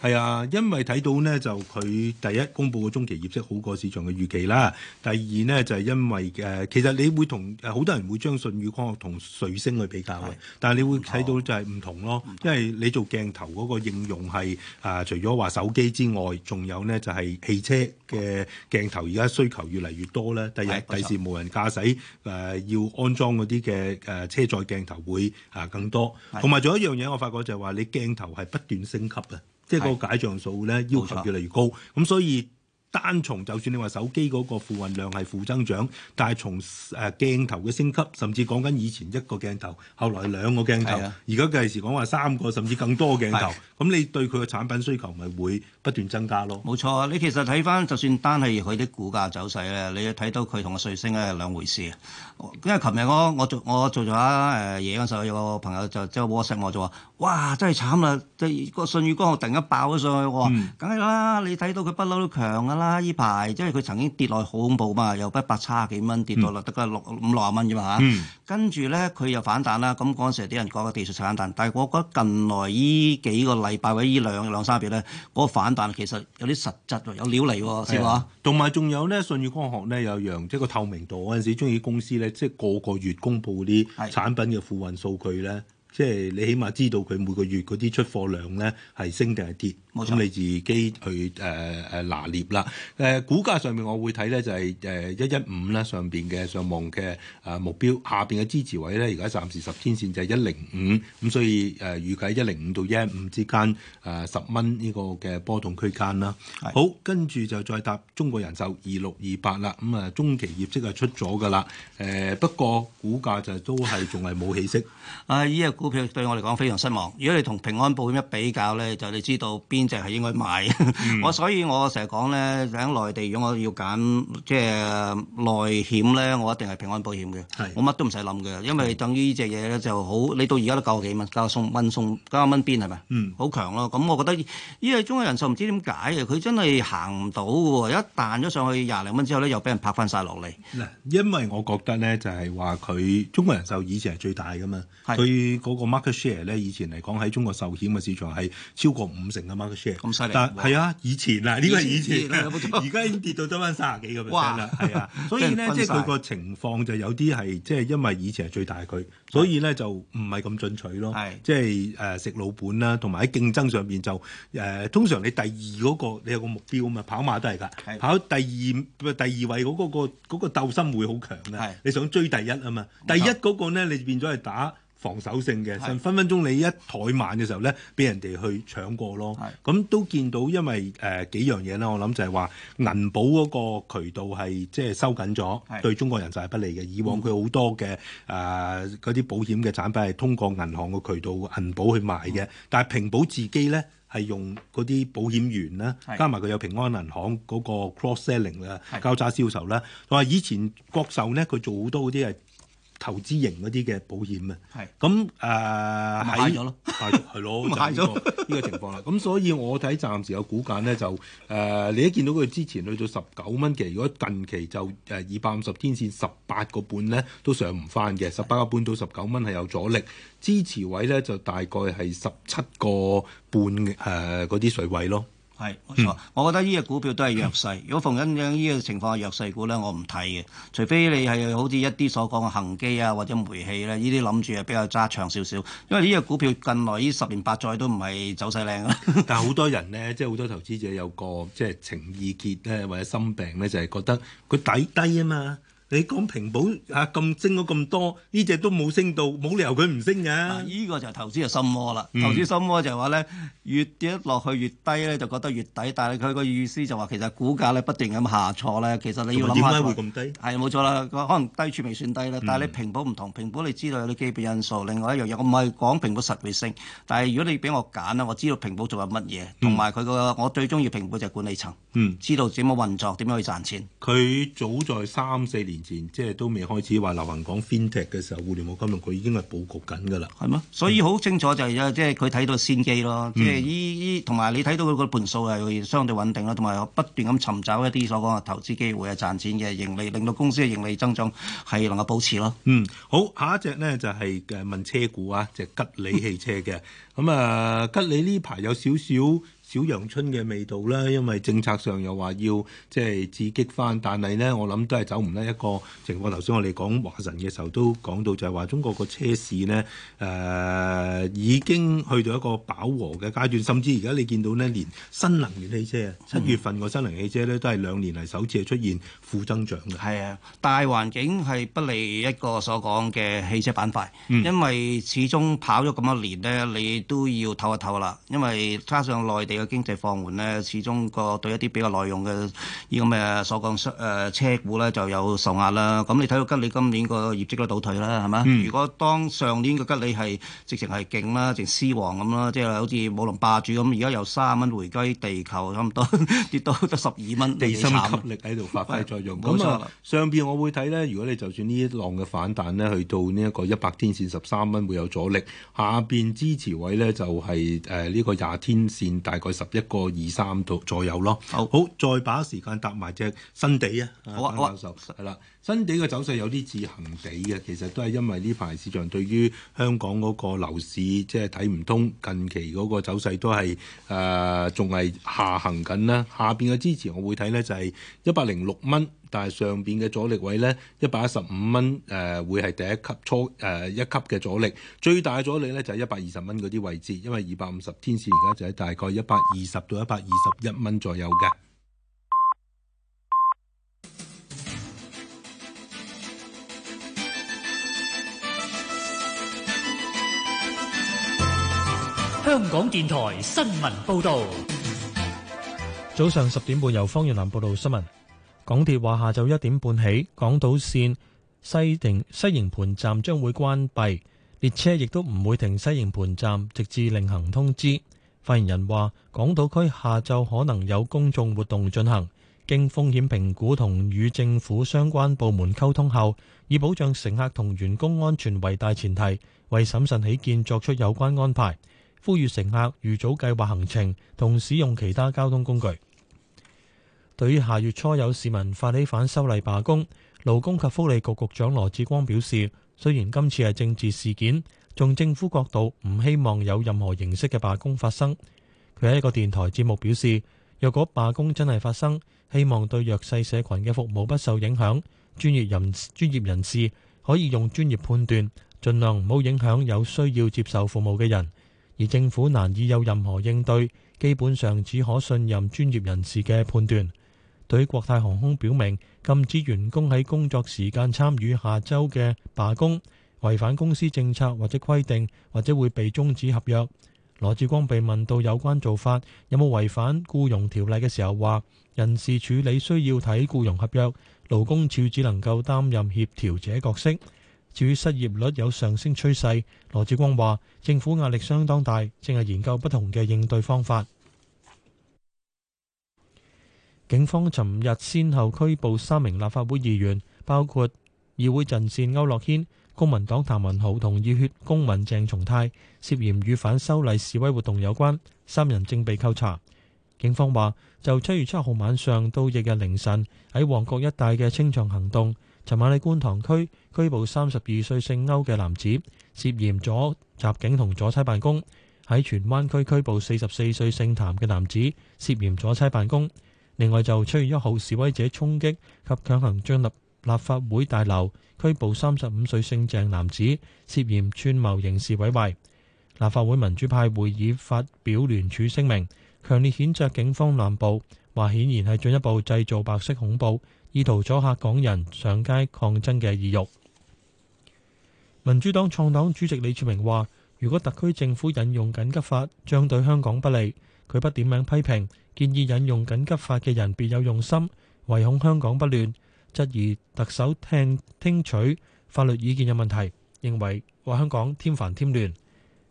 係啊，因為睇到咧就佢第一公佈個中期業績好過市場嘅預期啦。第二咧就係、是、因為誒、呃，其實你會同好、呃、多人會將舜宇光學同瑞聲去比較嘅，是但係你會睇到就係唔同咯。錯因為你做鏡頭嗰個應用係誒、呃，除咗話手機之外，仲有咧就係、是、汽車嘅鏡頭，而家需求越嚟越多咧。第二、第時、啊、無人駕駛誒要安裝嗰啲嘅誒車載鏡頭會啊更多，同埋仲有一樣嘢我發覺就係話你鏡頭係不斷升級嘅。即係個解像素咧要求越嚟越高，咁錯所以單從就算你話手機嗰個負運量係負增長，但係從誒、呃、鏡頭嘅升級，甚至講緊以前一個鏡頭，後來兩個鏡頭，而家計時講話三個甚至更多鏡頭，咁、啊、你對佢嘅產品需求咪會不斷增加咯？冇錯，你其實睇翻就算單係佢啲股價走勢咧，你睇到佢同個瑞星咧係兩回事。因為琴日我我做我做咗誒嘢嗰時候，有個朋友就即 WhatsApp 我就話。哇！真係慘啦，第二個信譽光學突然間爆咗上去喎，梗係啦！你睇到佢不嬲都強噶啦，呢排即係佢曾經跌落去好恐怖嘛，由一百差幾蚊跌到落得個六五六十蚊啫嘛嚇。跟住咧佢又反彈啦，咁嗰陣時啲人講個技術炒反彈，但係我覺得近來依幾個禮拜或者依兩兩三日咧，嗰、那個反彈其實有啲實質喎，有料嚟喎，知嘛、啊？同埋仲有咧，信譽光學咧有樣即係個透明度我有時，中意公司咧，即係個個月公布啲產品嘅付運數據咧。即係你起碼知道佢每個月嗰啲出貨量咧係升定係跌，冇咁錯你自己去誒誒、呃、拿捏啦。誒、呃、股價上面我會睇咧就係誒一一五啦上邊嘅上望嘅誒目標，下邊嘅支持位咧而家暫時十天線就係一零五，咁所以誒、呃、預計一零五到一五之間誒十蚊呢個嘅波動區間啦。的好，跟住就再答中國人壽二六二八啦。咁、嗯、啊中期業績係出咗㗎啦，誒、呃、不過股價就都係仲係冇起色。啊依 啊。股票對我嚟講非常失望。如果你同平安保險一比較咧，就你知道邊隻係應該買。嗯、 我所以我成日講咧，喺內地如果我要揀即係內險咧，我一定係平安保險嘅。是我乜都唔使諗嘅，因為等於呢隻嘢咧就好。你到而家都九幾蚊，加送蚊送加蚊邊係咪？好、嗯、強咯。咁我覺得呢個中國人壽唔知點解嘅，佢真係行唔到嘅。一彈咗上去廿零蚊之後咧，又俾人拍翻晒落嚟。嗱，因為我覺得咧就係話佢中國人壽以前係最大嘅嘛，是所嗰個 market share 咧，以前嚟講喺中國壽險嘅市場係超過五成嘅 market share。咁犀利，但係啊！以前啊，呢個以前而家已經跌到得翻三十幾個 percent 啦。係啊，所以咧，即係佢個情況就有啲係即係因為以前係最大佢，所以咧就唔係咁進取咯。即係誒食老本啦，同埋喺競爭上邊就誒通常你第二嗰個你有個目標啊嘛，跑馬都係㗎，跑第二第二位嗰嗰個鬥心會好強嘅，你想追第一啊嘛，第一嗰個咧你變咗係打防守性嘅，是分分鐘你一怠慢嘅時候咧，俾人哋去搶過咯。咁是都見到，因為誒、呃、幾樣嘢啦，我諗就係話銀保嗰個渠道係即係收緊咗，是對中國人就係不利嘅。以往佢好多嘅誒嗰啲保險嘅產品係通過銀行嘅渠道銀保去賣嘅，是但係平保自己咧係用嗰啲保險員啦，是加埋佢有平安銀行嗰個 cross selling 啦是，交叉銷售啦，同埋是以前國壽咧佢做好多嗰啲係。投資型嗰啲嘅保險啊，係咁誒，呃、買咗咯，係係咯，買咗呢個情況啦。咁 所以我睇暫時有股價咧，就誒、呃，你一見到佢之前去到十九蚊，嘅，如果近期就誒二百五十天線十八個半咧，都上唔翻嘅，十八個半到十九蚊係有阻力支持位咧，就大概係十七個半誒嗰啲水位咯。係冇錯， 我覺得呢隻股票都係弱勢。如果逢緊樣呢個情況係弱勢股呢，我唔睇嘅。除非你係好似一啲所講嘅恒基啊或者煤氣呢，呢啲諗住係比較揸長少少。因為呢隻股票近來呢十年八載都唔係走勢靚啊。 但係好多人呢，即係好多投資者有個即係情意結呢，或者心病呢，就係、係、覺得佢底低啊嘛。你講平保嚇咁、啊、升咗咁多，呢隻都冇升到，冇理由佢唔升嘅、啊。呢、啊這個就係投資嘅心魔啦。嗯、投資心魔就係話咧，越跌落去越低咧，就覺得越抵。但係佢個意思就話，其實股價咧不斷咁下挫咧，其實你要諗下，點解會咁低？係冇錯啦，可能低處未算低啦。嗯、但係你平保唔同，平保你知道有啲基本因素，另外一樣嘢，我唔係講平保實會升。但係如果你俾我揀啦，我知道平保做緊乜嘢，同埋佢個我最鍾意平保就係管理層，嗯、知道點樣運作，點樣去賺錢。佢早在三四年前前即係都未開始話流行講 fintech 嘅時候，互聯網金融佢已經係佈局緊㗎啦。係嗎？所以好清楚就係、是嗯、即係佢睇到先機咯。即係依依同埋你睇到佢個盤數係相對穩定啦，同埋、嗯、不斷咁尋找一啲所講嘅投資機會係賺錢嘅盈利，令到公司嘅盈利增長係能夠保持咯。嗯，好，下一隻呢就係嘅問車股啊，就吉利汽車嘅。咁啊、嗯嗯，吉利呢排有少少小陽春嘅味道啦，因為政策上又話要即係刺激翻，但係咧我諗都係走唔甩一個情況。頭先我哋講華晨嘅時候都講到，就係話中國個車市咧誒、呃、已經去到一個飽和嘅階段，甚至而家你見到咧，連新能源汽車啊，七月份個新能源汽車咧、嗯、都係兩年嚟首次係出現負增長嘅。係啊，大環境係不利一個所講嘅汽車板塊，因為始終跑咗咁多年咧，你都要唞一唞啦。因為加上內地。嘅經濟放緩呢，始終個對一啲比較耐用嘅呢咁嘅所講誒車股呢，就有受壓啦。咁你睇到吉利今年個業績都倒退啦，係嘛？嗯、如果當上年個吉利係直情係勁啦，直絲皇咁啦，即係好似武林霸主咁。而家有三蚊回歸，地球差唔多 跌到得十二蚊，地心、啊、吸力喺度發揮作用。咁啊 對上邊我會睇呢。如果你就算呢一浪嘅反彈呢，去到呢一個一百天線十三蚊會有阻力。下邊支持位呢，就係誒呢個廿天線大十一個二三度左右咯。好，好，再把時間搭埋隻新地啊。好啊，好啊，教授，係啦。新地嘅走勢有啲自行地嘅，其實都係因為呢排市場對於香港嗰個樓市即係睇唔通，近期嗰個走勢都係誒仲係下行緊啦。下邊嘅支持我會睇呢就係一百零六蚊，但係上邊嘅阻力位呢，一百一十五蚊誒會係第一級初誒、呃、一級嘅阻力，最大嘅阻力呢就係一百二十蚊嗰啲位置，因為二百五十天線而家就喺大概一百二十到一百二十一蚊左右嘅。香港電台新聞報道，早上十點半，由方月蘭報道新聞。港鐵話下晝一點半起港島線西停西營盤站將會關閉，列車亦都唔會停西營盤站，直至另行通知。發言人話港島區下晝可能有公眾活動進行，經風險評估同與政府相關部門溝通後，以保障乘客同員工安全為大前提，為審慎起見，作出有關安排呼籲乘客預早計劃行程同使用其他交通工具。對於下月初有市民發起反修例罷工，勞工及福利局局局長羅致光表示，雖然今次係政治事件，從政府角度唔希望有任何形式嘅罷工發生。佢喺一個電台節目表示，若果罷工真係發生，希望對弱勢社群嘅服務不受影響，專業人專業人士可以用專業判斷，盡量唔好影響有需要接受服務嘅人。而政府難以有任何應對，基本上只可信任專業人士嘅判斷。對於國泰航空表明禁止員工喺工作時間參與下周嘅罷工，違反公司政策或者規定，或者會被終止合約。羅致光被問到有關做法有冇違反僱傭條例嘅時候，話人事處理需要睇僱傭合約，勞工處只能夠擔任協調者角色。至於失業率有上升趨勢，羅志光話：政府壓力相當大，正係研究不同嘅應對方法。警方尋日先後拘捕三名立法會議員，包括議會陣線歐樂軒、公民黨譚文豪同熱血公民鄭松泰，涉嫌與反修例示威活動有關。三人正被扣查。警方話：就七月七號晚上到翌日凌晨喺旺角一帶嘅清場行動，昨晚喺觀塘區拘捕三十二歲姓歐嘅男子，涉嫌阻襲警同阻差辦公；喺荃灣區拘捕四十四歲姓譚嘅男子，涉嫌阻差辦公。另外，就七月一號示威者衝擊及強行佔入立，立法會大樓，拘捕三十五歲姓鄭男子，涉嫌串謀刑事毀壞。立法會民主派會議發表聯署聲明，強烈譴責警方濫捕，話顯然係進一步製造白色恐怖。意圖阻嚇港人上街抗爭嘅意欲。民主黨創黨主席李柱銘話，如果特區政府引用緊急法，將對香港不利。佢不點名批評，建議引用緊急法嘅人別有用心，唯恐香港不亂，質疑特首聽聽取法律意見有問題，認為話香港添煩添亂。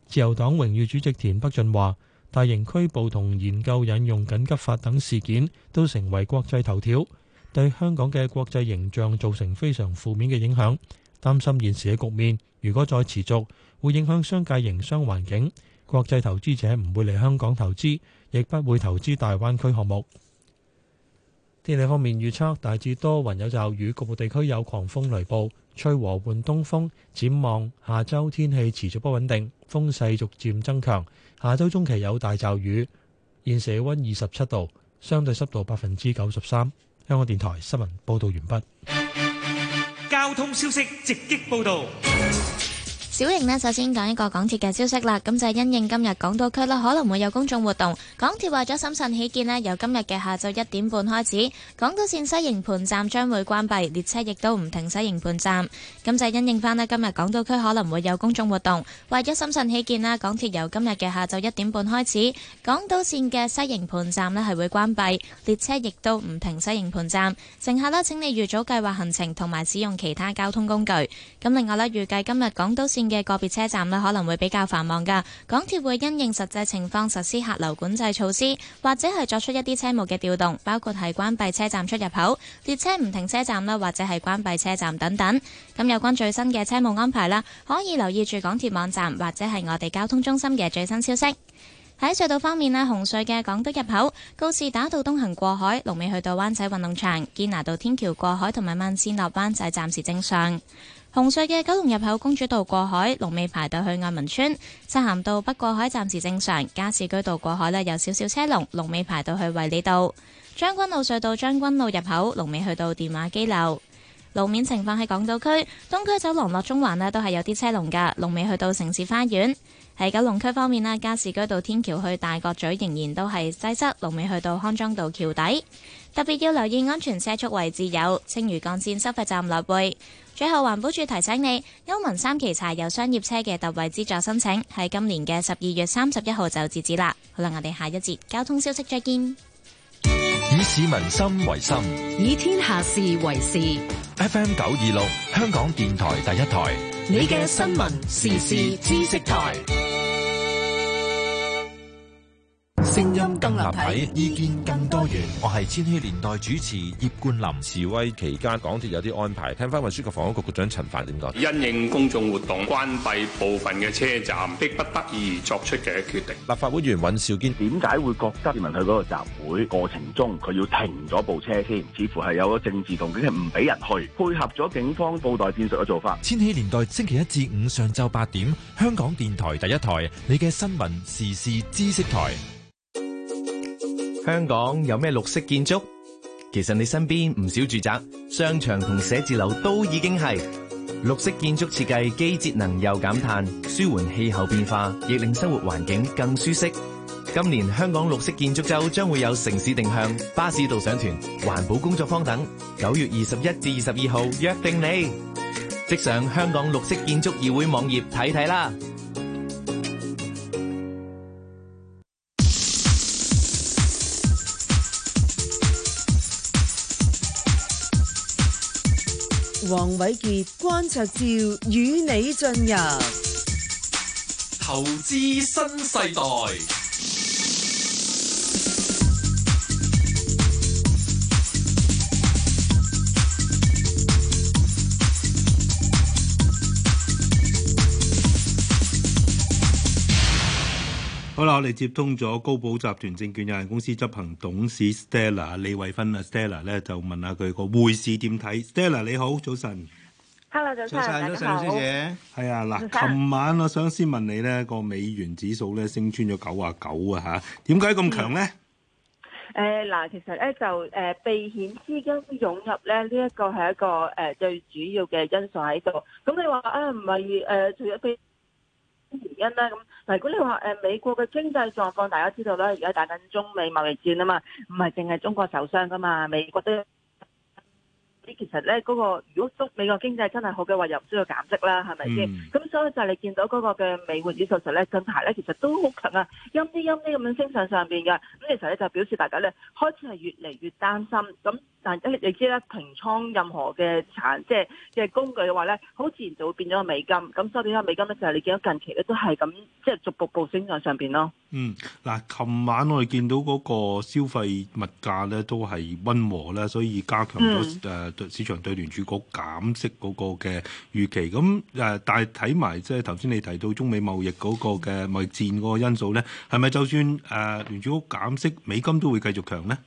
自由黨榮譽主席田北俊話，大型拘捕同研究引用緊急法等事件都成為國際頭條。對香港嘅國際形象造成非常負面嘅影響，擔心現時嘅局面如果再持續，會影響商界營商環境，國際投資者唔會嚟香港投資，亦不會投資大灣區項目。天氣方面預測大致多雲有驟雨，局部地區有狂風雷暴，吹和緩東風。展望下周天氣持續不穩定，風勢逐漸增強。下周中期有大驟雨。現時嘅溫二十七度，相對濕度百分之九十三。香港電台新聞報道完畢。交通消息，直擊報道。小盈呢，首先講一個港鐵嘅消息啦，咁就係因應今日港島區呢，可能會有公眾活動，港鐵為咗審慎起見呢，由今日嘅下晝一點半開始，港島綫西營盤站將會關閉，列車亦都唔停西營盤站。咁就係因應返呢，今日港島區可能會有公眾活動，為咗審慎起見啦，港鐵由今日嘅下晝一點半開始，港島綫嘅西營盤站呢係會關閉，列車亦都唔停西營盤站。乘客呢，請你預早計劃行程同埋使用其他交通工具。咁另外呢，預計今日港島綫。嘅個別車站啦，可能會比較繁忙㗎。港鐵會因應實際情況實施客流管制措施，或者係作出一啲車務嘅調動，包括係關閉車站出入口、列車唔停車站啦，或者係關閉車站等等。咁有關最新嘅車務安排啦，可以留意住港鐵網站或者係我哋交通中心嘅最新消息。喺隧道方面呢，紅隧嘅港島入口、告士打道東行過海，龍尾去到灣仔運動場、堅拿道天橋過海同埋慢線落灣仔，暫時正常。紅隧嘅九龍入口，公主道過海，龍尾排到去愛民村，漆咸道北過海暫時正常。加士居道過海呢，有少少車龍，龍尾排到去衛理道。將軍澳隧道將軍澳入口，龍尾去到電話機樓，路面情況。喺港島區東區走廊落中環呢，都係有啲車龍噶，龍尾去到城市花園。喺九龍區方面呢，加士居道天橋去大角咀仍然都係擠塞，龍尾去到康莊道橋底。特別要留意安全車速位置有青嶼幹線收費站嚟回。最後，環保署提醒你，歐盟三期柴油商業車嘅特惠資助申請喺今年嘅十二月三十一號就截止啦。好啦，我哋下一節交通消息再見。以市民心為心，以天下事為事。FM 九二六，香港電台第一台，你嘅新聞時事知識台。聲音更立體，意見更多元。我係千禧年代主持葉冠霖。示威期間，港鐵有啲安排，聽翻運輸及房屋局局長陳帆點講？因應公眾活動，關閉部分嘅車站，迫不得已作出嘅決定。立法會議員尹兆堅，點解會覺得民去嗰個集會過程中，佢要停咗部車添？似乎係有咗政治動機，係唔俾人去，配合咗警方布袋戰術嘅做法。千禧年代星期一至五上晝八點，香港電台第一台，你嘅新聞時事知識台。香港有咩綠色建築？其實你身邊唔少住宅、商場同寫字樓都已經係綠色建築設計，既節能又減碳，舒緩氣候變化，亦令生活環境更舒適。今年香港綠色建築周將會有城市定向、巴士導賞團、環保工作坊等。九月二十一至二十二號約定你，即上香港綠色建築議會網頁睇睇啦。看看黃瑋傑關焯照，與你進入投資新世代。好啦，我哋接通咗高寶集團證券有限公司執行董事 Stella 李慧芬啊，Stella 咧就問下佢個匯市點睇？Stella 你好，早晨。Hello，早晨。謝晒咗，李小姐。係啊，嗱，琴晚我想先問你咧，個美元指數咧升穿咗九啊九啊，吓，點解咁強咧？誒，嗱，其實咧就誒，避險資金湧入咧，呢一個係一個誒最主要嘅因素喺度。咁你話啊，唔係誒，除咗避原因咧咁，如果你話誒美國嘅經濟狀況，大家知道啦，而家打緊中美貿易戰吖嘛，唔係淨係中國受傷噶嘛，美國都。嗯、其實咧嗰個，如果美國經濟真係好嘅話，又唔需要減息啦，係咪先？咁所以就係你見到嗰個嘅美匯指數值咧，近排咧其實都好強啊，陰啲陰啲咁樣升上上邊嘅。咁其實咧就表示大家咧開始係越嚟越擔心。咁但係你知啦，平倉任何嘅產，即係嘅工具嘅話咧，好自然就會變咗個美金。咁收跌咗美金咧，就係你見到近期咧都係咁，即係逐步步升上上邊咯。嗯，嗱，琴晚我哋見到嗰個消費物價咧都係溫和咧，所以加強咗對市場對聯儲局減息嗰個嘅預期，咁誒、呃，但係睇埋即係頭先你提到中美貿易嗰個嘅貿易戰嗰個因素咧，係咪就算誒聯儲局減息，美金都會繼續強咧？誒、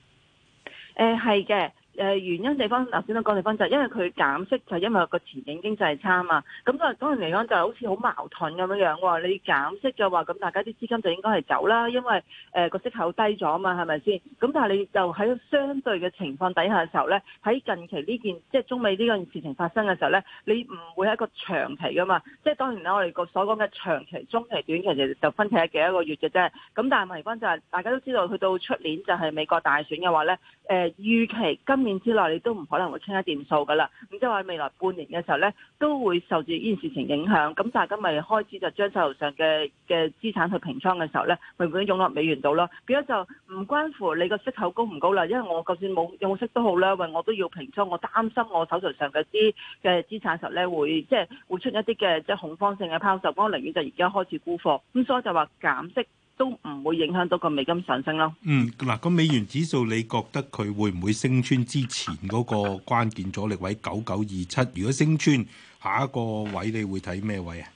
呃，係嘅。誒、呃、原因地方，頭先都講地方就係因為佢減息，就因為個前景經濟差啊嘛。咁、嗯、當然當然嚟講就係好似好矛盾咁樣樣、哦、你減息就話咁、嗯，大家啲資金就應該係走啦，因為誒個、呃、息口低咗啊嘛，係咪先？咁、嗯、但係你就喺相對嘅情況底下嘅時候咧，喺近期呢件即係中美呢樣事情發生嘅時候咧，你唔會係一個長期噶嘛。即係當然啦，我哋個所講嘅長期、中期、短期就分歧係幾多個月嘅啫。咁、嗯、但係問題就係、是、大家都知道，去到出年就係美國大選嘅話咧，誒、呃、預期今年，之內你都唔可能會清一掂數㗎喇，咁即係話未來半年嘅時候咧，都會受住呢件事情影響，咁大家咪開始就將手頭上嘅嘅資產去平倉嘅時候咧，會唔會湧落美元度咯？變咗就唔關乎你個息口高唔高啦，因為我就算冇用息都好啦，喂，我都要平倉，我擔心我手頭上嗰啲嘅資產時候咧，會即係、就是、會出一啲嘅即係恐慌性嘅拋售，我寧願就而家開始沽貨，咁所以我就話減息。都唔會影響到個美金上升咯。嗯，嗱，咁美元指數你覺得佢會唔會升穿之前嗰個關鍵阻力位九九二七？如果升穿下一個位，你會睇咩位啊？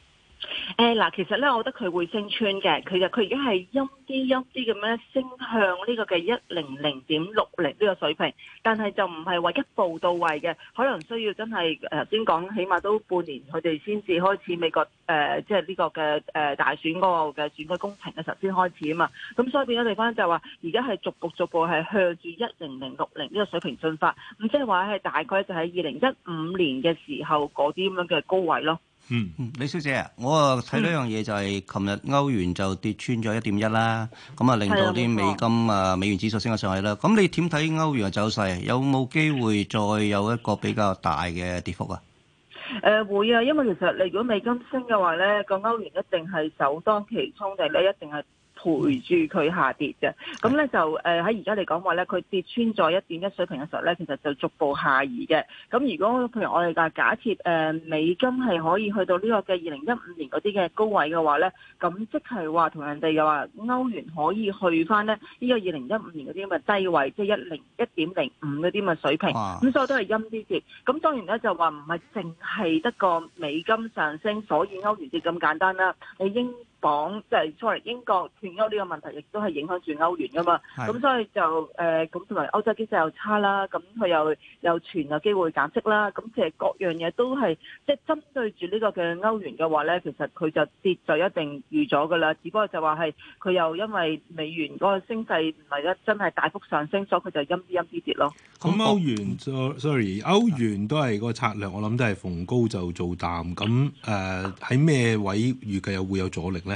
誒、嗱、哎，其實咧，我覺得佢會升穿嘅，其實佢而家係陰啲陰啲咁樣升向呢個嘅一零零點六零呢個水平，但係就唔係話一步到位嘅，可能需要真係頭先講，起碼都半年佢哋先至開始美國誒，即係呢個嘅誒大選嗰個嘅選舉工程嘅時候先開始啊嘛，咁所以變咗地方就話而家係逐步逐步係向住一零零六零呢個水平進發，咁即係話係大概就喺二零一五年嘅時候嗰啲咁樣嘅高位咯。嗯，李小姐，我啊睇到樣嘢就係、是，琴日歐元就跌穿咗一點一啦，咁啊令到啲美金冇錯，啊美元指數升咗上去啦。咁你點睇歐元嘅走勢？有冇機會再有一個比較大嘅跌幅啊？誒、呃、會啊，因為其實你如果美金升嘅話咧，個歐元一定係首當其衝，定咧一定係。嗯、陪住佢下跌嘅，咁咧的、嗯、就誒喺而家嚟講話咧，佢、呃、跌穿咗一點一水平嘅時候咧，其實就逐步下移嘅。咁如果譬如我哋架假設誒、呃、美金係可以去到呢個嘅二零一五年嗰啲嘅高位嘅話咧，咁即係話同人哋又話歐元可以去翻咧呢、呢個二零一五年嗰啲咁嘅低位，即係一零一點零五嗰啲咁嘅水平，咁哇所以都係陰啲跌。咁當然咧就話唔係淨係得個美金上升，所以歐元跌咁簡單啦，你英。講即係 sorry，英國脫歐呢個問題亦都係影響住歐元噶嘛，咁的所以就誒咁同埋歐洲經濟又差啦，咁佢又有存有機會減息啦，咁其實各樣嘢都係即係針對住呢個嘅歐元嘅話咧，其實佢就跌就一定預咗噶啦，只不過就話係佢又因為美元嗰個升勢唔係一真係大幅上升，所以佢就陰啲陰啲跌咯。咁、嗯、歐元 sorry，、哦、歐元都係個策略，我諗都係逢高就做淡，咁誒喺咩位預計又會有阻力咧？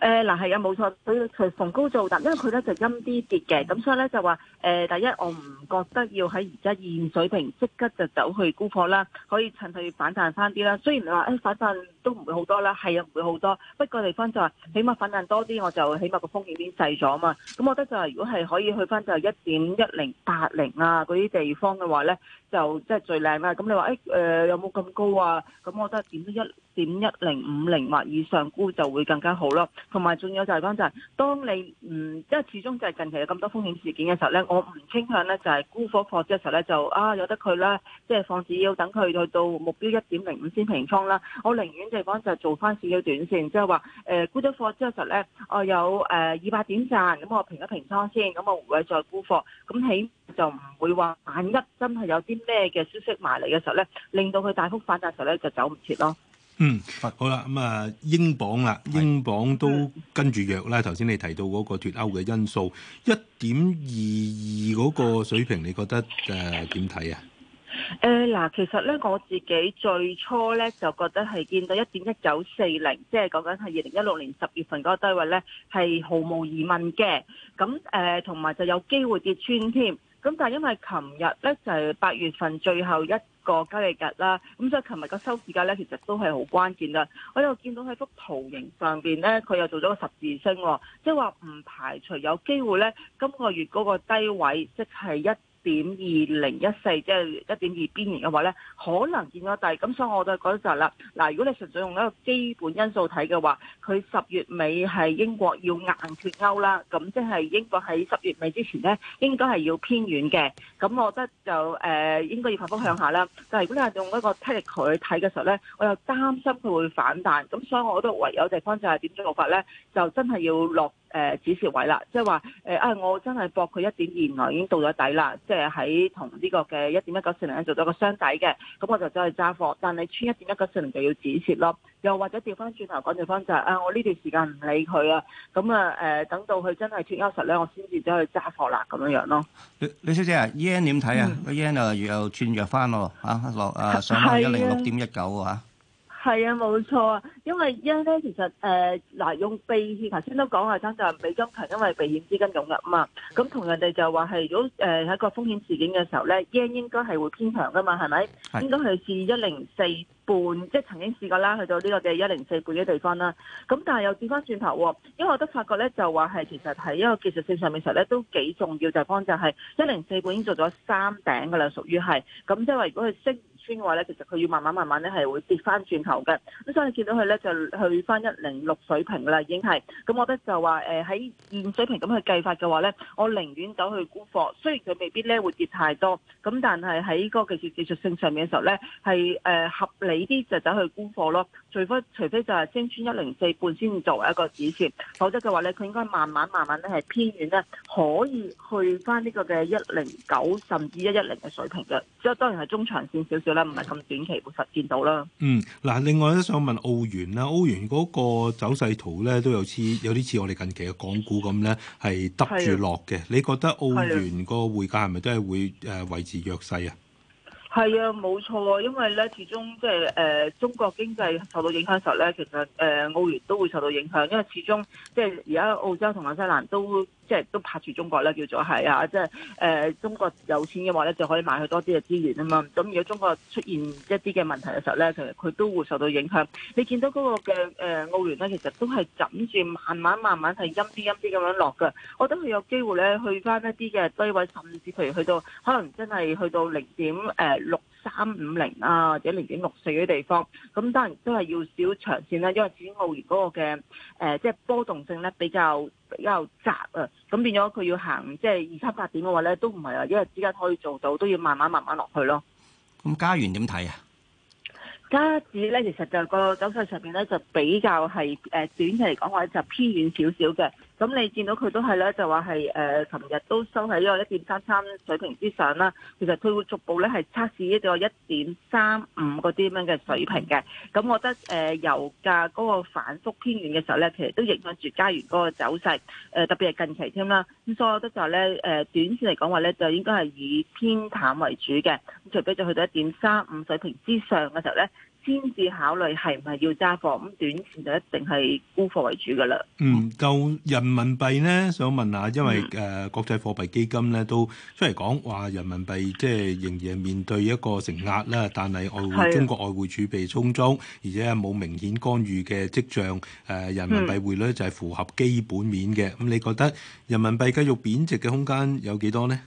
誒，嗱係啊，冇錯，佢隨逢高做，但因為佢咧就陰啲跌嘅，咁所以咧就話，誒，第一我唔覺得要喺而家現水平即刻就走去沽貨啦，可以趁佢反彈翻啲啦。雖然你話誒反彈都唔會好多啦，係啊，唔會好多。不過地方就係、是、起碼反彈多啲，我就起碼個風險變細咗啊嘛。咁我覺得就係、是、如果係可以去翻就係一點一零八零啊嗰啲地方嘅話咧，就即係最靚啦。咁你話誒，誒、欸呃、有冇咁高啊？咁我覺得點都一點一零五零或以上沽就會更加好咯。同埋仲有就係講就係，當你唔、嗯，因為始終就係近期有咁多風險事件嘅時候咧，我唔傾向咧就係、是、沽貨之嘅時候咧、啊，就啊有得佢啦，即係放紙要等佢去到目標一點零五先平倉啦。我寧願就講就係做翻少少短線，即係話誒沽咗貨之後咧，我有誒二百點賺，咁我平一平倉先，咁我唔會再沽貨，咁起就唔會話萬一真係有啲咩嘅消息埋嚟嘅時候咧，令到佢大幅反彈時候咧就走唔切咯。嗯，好啦，咁啊，英鎊啦，英鎊都跟住弱啦。頭先你提到嗰個脫歐嘅因素，一點二二嗰個水平，你覺得誒點睇啊？誒嗱，其實咧，我自己最初咧就覺得係見到一點一九四零，即係講緊係二零一六年十月份嗰個低位咧，係毫無疑問嘅。咁誒，同埋就有機會跌穿添。咁但係因為琴日咧就係八月份最後一。個交易日啦，咁、嗯、所以琴日個收市價呢，其實都係好關鍵啦。我又見到喺幅圖形上邊呢，佢又做咗個十字星、哦，即係話唔排除有機會呢，今個月嗰個低位即係、即係、一。點二零一四即係一點二邊緣嘅話呢，可能見到低，咁所以我就覺得就係啦。嗱，如果你純粹用一個基本因素睇嘅話，佢十月尾係英國要硬脱歐啦，咁即係英國喺十月尾之前呢，應該係要偏軟嘅，咁我覺得就誒、呃、應該要反方向下啦。但係如果你係用一個七日佢睇嘅時候呢，我又擔心佢會反彈，咁所以我覺得唯有地方式係點樣做法呢？就真係要落。誒止蝕位啦，即係話誒啊！我真係博佢一點二，原來已經到咗底啦，即係喺同呢個嘅一點一九四零做咗個雙底嘅，咁、嗯、我就走去揸貨。但係穿一點一九四零就要止蝕咯。又或者調翻轉頭講，對方就係啊，我呢段時間唔理佢啊，咁啊誒，等到佢真係脱休實咧，我先至走去揸貨啦，咁樣樣咯。李小姐啊，E N 點睇啊？E N 啊又轉弱翻喎，啊落啊上翻一零六點一九啊。係啊，冇錯啊，因為 yen 咧其實誒嗱、呃、用避險，頭先都講話，就係、是、美金強，因為避險資金湧入啊嘛。咁、嗯、同人哋就話係，如果誒喺一個風險事件嘅時候咧，yen 應該係會偏強噶嘛，係咪？是的 應該係至一零四半，即係曾經試過啦，去到呢個嘅一零四半嘅地方啦。咁但係又轉翻轉頭，因為我覺得發覺咧，就話係其實喺一個技術性上面其實咧都幾重要，就係、是、講就係一零四半已經做咗三頂噶啦，屬於係。咁即係話，如果佢升。嘅話咧，其實佢要慢慢慢慢咧係會跌翻轉頭嘅，咁所以見到佢咧就去翻一零六水平啦，已經係咁，我覺得就話誒喺現水平咁去計法嘅話咧，我寧願走去沽貨，雖然佢未必咧會跌太多，咁但係喺個技術技術性上面嘅時候咧係誒合理啲就走去沽貨咯，除非除非就係升穿一零四半先作為一個指示，否則嘅話咧佢應該慢慢慢慢咧係偏遠咧可以去翻呢個嘅一零九甚至一一零嘅水平嘅，即係當然係中長線少少。唔係咁短期會實現到啦。嗯，嗱，另外咧，想問澳元啦，澳元嗰個走勢圖咧，都有似有啲似我哋近期嘅港股咁咧，係揼住落嘅。的你覺得澳元個匯價係咪都係會誒、呃、維持弱勢啊？係啊，冇錯啊，因為咧始終即係誒中國經濟受到影響嘅時候咧，其實誒、呃、澳元都會受到影響，因為始終即係而家澳洲同新西蘭都即係、就是、都拍住中國啦，叫做係啊，即係誒中國有錢嘅話咧，就可以買去多啲嘅資源啊嘛。咁如果中國出現一啲嘅問題嘅時候咧，其實佢都會受到影響。你見到嗰個嘅誒、呃、澳元咧，其實都係枕住慢慢慢慢係陰啲陰啲咁樣落㗎。我覺得佢有機會咧去返一啲嘅低位，甚至譬如去到可能真係去到零點誒，呃六三五零啊，或者零點六四啲地方，咁當然都係要少長線啦。因為主澳園嗰個嘅誒、呃，即係波動性咧比較比較窄啊，咁變咗佢要行即係二三八點嘅話咧，都唔係話一日之間可以做到，都要慢慢慢慢落去咯。咁加元點睇啊？加紙咧，其實就個走勢上面咧就比較係誒短期嚟講話就偏遠少少嘅。咁你見到佢都係咧，就話係誒，琴、呃、日都收喺呢個一點三三水平之上啦。其實佢會逐步咧係測試呢個一點三五嗰啲咁樣嘅水平嘅。咁我覺得誒、呃、油價嗰個反覆偏軟嘅時候咧，其實都影響住加元嗰個走勢。誒、呃、特別係近期添啦。咁所以我都就係咧誒，短線嚟講話咧，就應該係以偏淡為主嘅。咁除非就去到一點三五水平之上嘅時候咧。先至考慮係唔係要揸貨咁，短線就一定係沽貨為主噶啦。嗯，就人民幣咧，想問下，因為誒國際貨幣基金咧都出嚟講話人民幣即係仍然係面對一個承壓啦，但係外匯，中國外匯儲備充足，而且冇明顯干預嘅跡象。誒人民幣匯率就係符合基本面嘅。咁你覺得人民幣繼續貶值嘅空間有幾多咧？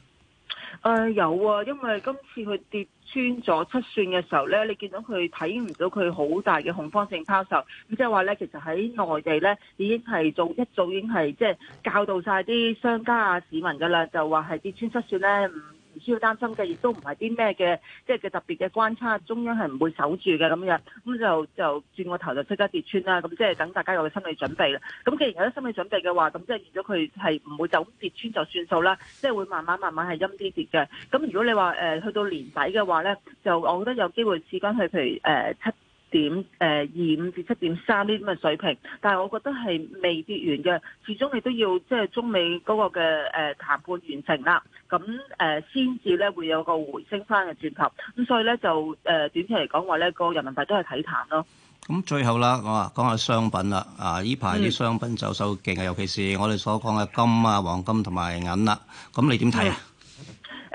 誒有啊，因為今次佢跌。穿咗七算嘅時候咧，你見到佢，睇唔到佢好大嘅恐慌性拋售，咁即係話咧，其實喺內地咧已經係做一早已經係即係教導晒啲商家啊、市民噶啦，就話係跌穿七算咧。唔需要擔心嘅亦都唔係啲咩嘅，即係嘅特別嘅關差，中央係唔會守住嘅咁樣，咁就就轉個頭就即刻跌穿啦。咁即係等大家有個心理準備啦。咁既然有啲心理準備嘅話，咁即係預咗佢係唔會就咁跌穿就算數啦，即係會慢慢慢慢係陰啲跌嘅。咁如果你話誒去到年底嘅話咧，就我覺得有機會試翻去，譬如誒七點誒二五至七點三呢啲咁嘅水平，但係我覺得係未跌完嘅，始終你都要即係中美嗰個嘅誒談判完成啦，咁誒先至咧會有個回升翻嘅轉頭，咁所以咧就誒短期嚟講話咧個人民幣都係睇淡咯。咁最後啦，我啊講下商品啦，啊呢排啲商品走手勁啊，尤其是我哋所講嘅金啊、黃金同埋銀啦，咁你點睇啊？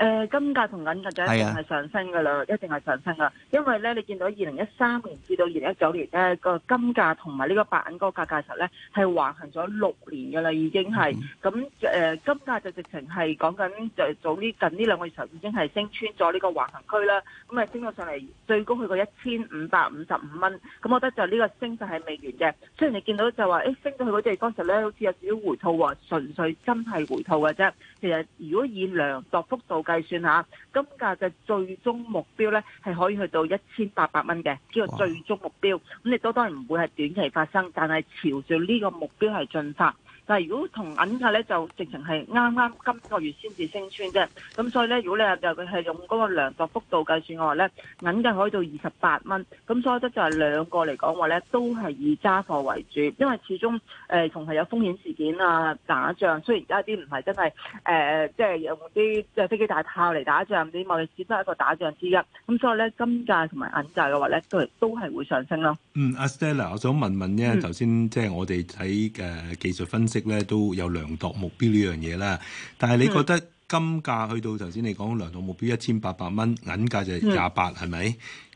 誒金價同銀價就、哎、呀一定係上升㗎啦，一定係上升㗎，因為咧你見到二零一三年至到二零一九年咧個金價同埋呢個白銀個價格實咧係橫行咗六年㗎啦，已經係咁誒金價就直情係講緊就早呢近呢兩個月時已經係升穿咗呢個橫行區啦，咁啊升咗上嚟最高去過一千五百五十五蚊，咁我覺得就呢個升就係未完嘅。雖然你見到就話誒、欸、升到去嗰啲，當時咧好似有少少回吐喎，純粹真係回吐㗎啫。其實如果以量作幅度計算下金價嘅最終目標咧，係可以去到一千八百蚊嘅呢個最終目標。咁你都當然唔會係短期發生，但係朝住呢個目標係進發。但係如果同銀價咧就直情係啱啱今個月先至升穿啫，咁所以咧如果你就佢係用嗰個量度幅度計算嘅話咧，銀價可以到二十八蚊，咁所以咧就係兩個嚟講話咧都係以揸貨為主，因為始終誒仲係有風險事件啊打仗，雖然而家啲唔係真係誒即係有啲即係飛機大炮嚟打仗，啲貿易戰都係一個打仗之一，咁所以咧金價同埋銀價嘅話咧都係都係會上升咯。嗯，阿 Stella，我想問問咧頭先即係我哋喺誒技術分析。即咧都有量度目標呢樣嘢啦，但係你覺得金價去到頭先你講量度目標一千八百蚊，銀價就係廿八係咪？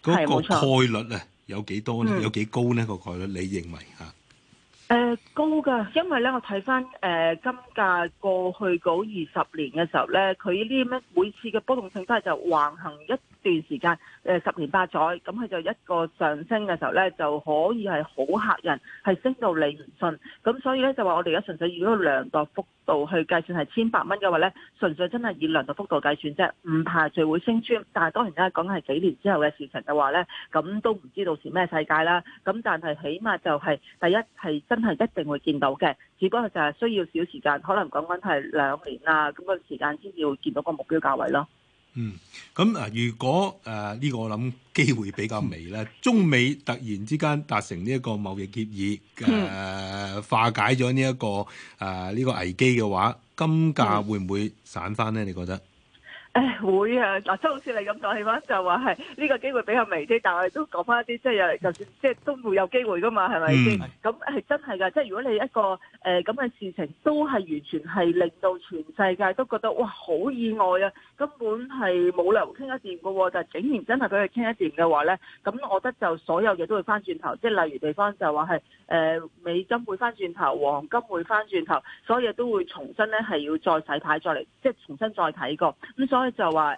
嗰、嗯個概率啊、嗯，有幾多咧？有幾高咧？個概率你認為嚇？誒、呃，高噶，因為咧我睇翻誒金價過去嗰二十年嘅時候咧，佢呢一每次嘅波動性都係就橫行一段時間，誒、呃、十年八載，咁佢就一個上升嘅時候咧，就可以係好吓人，係升到你唔信，咁所以咧就話我哋而家純粹遇到個量度幅。度去計算係千八蚊嘅話咧，純粹真係以量度幅度計算啫，唔排除會升穿，但係當然啦，講緊係幾年之後嘅事情嘅話呢，咁都唔知道是咩世界啦。咁但係起碼就係、是、第一係真係一定會見到嘅，只不過就係需要少時間，可能講緊係兩年啊咁嘅、嗰個、時間先要見到個目標價位咯。嗯，咁啊，如果誒呢、呃這個我諗機會比較微咧，嗯、中美突然之間達成呢一個貿易協議，誒、呃、化解咗呢一個誒呢、呃這個危機嘅話，金價會唔會散翻咧？你覺得？誒會啊！嗱，即係好似你咁講起翻，就話係呢個機會比較微啲，但係都講翻一啲，即係又就算即係、就是、都會有機會噶嘛，係咪先？咁係、嗯、真係㗎，即、就、係、是、如果你一個誒咁嘅事情都係完全係令到全世界都覺得哇好意外啊，根本係冇理由傾一掂嘅喎，但竟然真係畀佢傾一掂嘅話咧，咁我覺得就所有嘢都會翻轉頭，即、就、係、是、例如地方就話係誒美金會翻轉頭，黃金會翻轉頭，所有嘢都會重新咧係要再洗牌，再嚟即係重新再睇過。咁所以。就話誒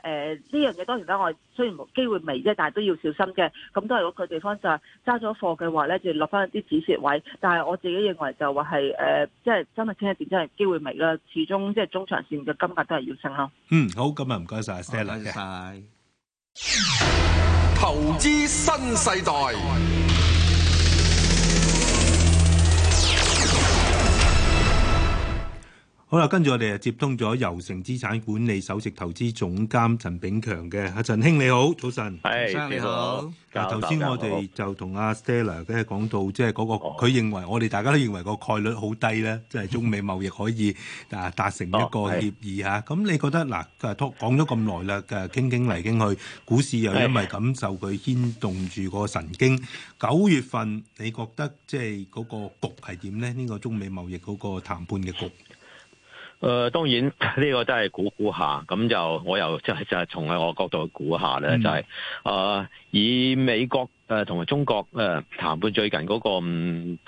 呢樣嘢當然啦，我雖然機會微啫，但係都要小心嘅。咁都係嗰個地方就係揸咗貨嘅話咧，就落翻一啲止蝕位。但係我自己認為就話係誒，即係真係輕一點，真係機會微啦。始終即係中長線嘅金價都係要升咯。嗯，好，咁啊唔該晒阿 Sir 啦，謝，謝，謝謝，投資新世代。好喇，跟住我哋就接通咗油城資產管理首席投資總監陳炳強嘅。阿陳兄，你好，早晨。嗨，你好。誒、呃，當然呢、這個都係估估下，咁、嗯、就我又即係就係從喺我角度估下咧，就係誒以美國誒同埋中國誒、呃、談判最近嗰、那個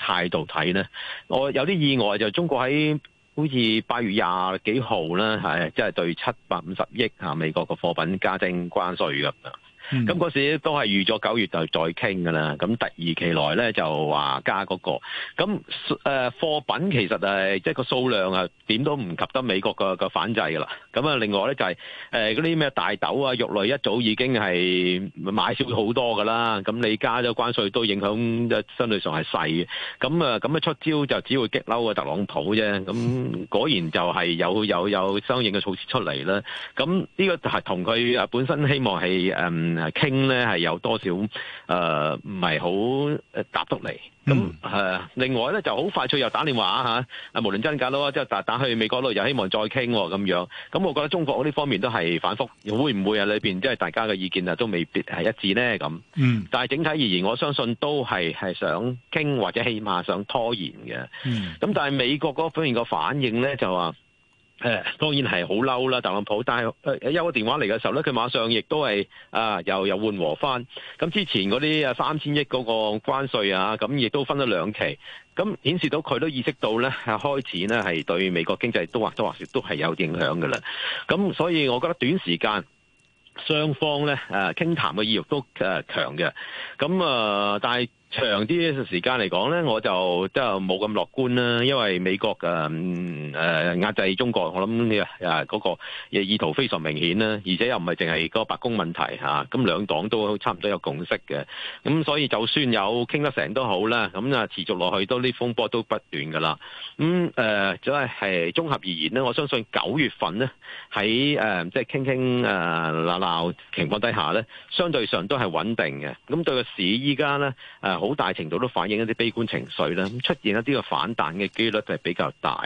態、呃、度睇咧，我有啲意外就是、中國喺好似八月廿幾號咧，係即係對七百五十億吓、啊、美國嘅貨品加徵關稅噶。咁嗰時都係預咗九月就再傾嘅啦。咁突如其來咧就話加嗰個，咁誒貨品其實係即係個數量啊，點都唔及得美國個個反制嘅啦。咁啊，另外咧就係誒嗰啲咩大豆啊、肉類一早已經係買少好多嘅啦。咁你加咗關稅都影響，即係相對上係細嘅。咁啊，咁一出招就只會激嬲啊特朗普啫。咁果然就係有有有相應嘅措施出嚟啦。咁呢個係同佢啊本身希望係誒。係傾咧，係有多少？誒、呃，唔係好誒答得嚟。咁誒、嗯呃，另外咧就好快脆又打電話嚇。啊，無論真假都，即係打打去美國度又希望再傾咁、哦、樣。咁、嗯、我覺得中國呢方面都係反覆，會唔會啊？裏邊即係大家嘅意見啊，都未必係一致呢。咁，嗯、但係整體而言，我相信都係係想傾或者起碼想拖延嘅。咁、嗯、但係美國嗰方面個反應咧，就話。誒、呃，當然係好嬲啦，特朗普。但係誒、呃，有個電話嚟嘅時候咧，佢馬上亦都係啊，又又緩和返。咁之前嗰啲啊三千億嗰個關稅啊，咁亦都分咗兩期。咁、嗯、顯示到佢都意識到咧，係開始咧係對美國經濟都或多或少都係有影響嘅啦。咁、嗯、所以我覺得短時間雙方咧誒、呃、傾談嘅意欲都誒、呃、強嘅。咁、嗯、啊、呃，但係。長啲嘅時間嚟講呢，我就即係冇咁樂觀啦，因為美國誒誒壓制中國，我諗嘅、呃呃嗰個意圖非常明顯啦，而且又唔係淨係嗰個白宮問題吓，咁兩黨都差唔多有共識嘅，咁、啊、所以就算有傾得成都好啦，咁啊持續落去都啲風波都不斷噶啦，咁、嗯、誒，咁啊係綜合而言呢，我相信九月份呢，喺誒即係傾傾誒鬧鬧情況底下呢，相對上都係穩定嘅，咁對個市依家呢。誒、呃。好大程度都反映一啲悲觀情緒啦，咁出現一啲個反彈嘅幾率就係比較大。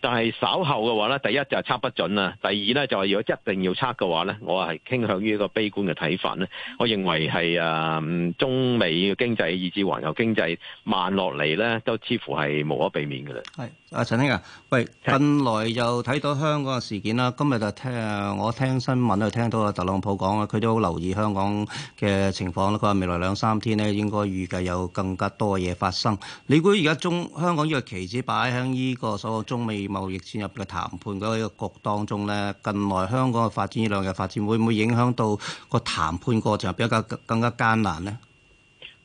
但係稍後嘅話咧，第一就係測不準啦，第二咧就係如果一定要測嘅話咧，我係傾向於一個悲觀嘅睇法咧。我認為係誒、嗯、中美嘅經濟以至環球經濟慢落嚟咧，都似乎係無可避免嘅啦。係阿陳兄啊，喂，近來又睇到香港嘅事件啦，今日就聽啊，我聽新聞咧，聽到啊特朗普講啊，佢都好留意香港嘅情況啦。佢話未來兩三天咧，應該預計。有更加多嘢發生，你估而家中香港呢個棋子擺喺呢個所謂中美貿易戰入嘅談判嗰個局當中咧，近來香港嘅發展、呢兩日發展會唔會影響到個談判過程比較更加艱難咧？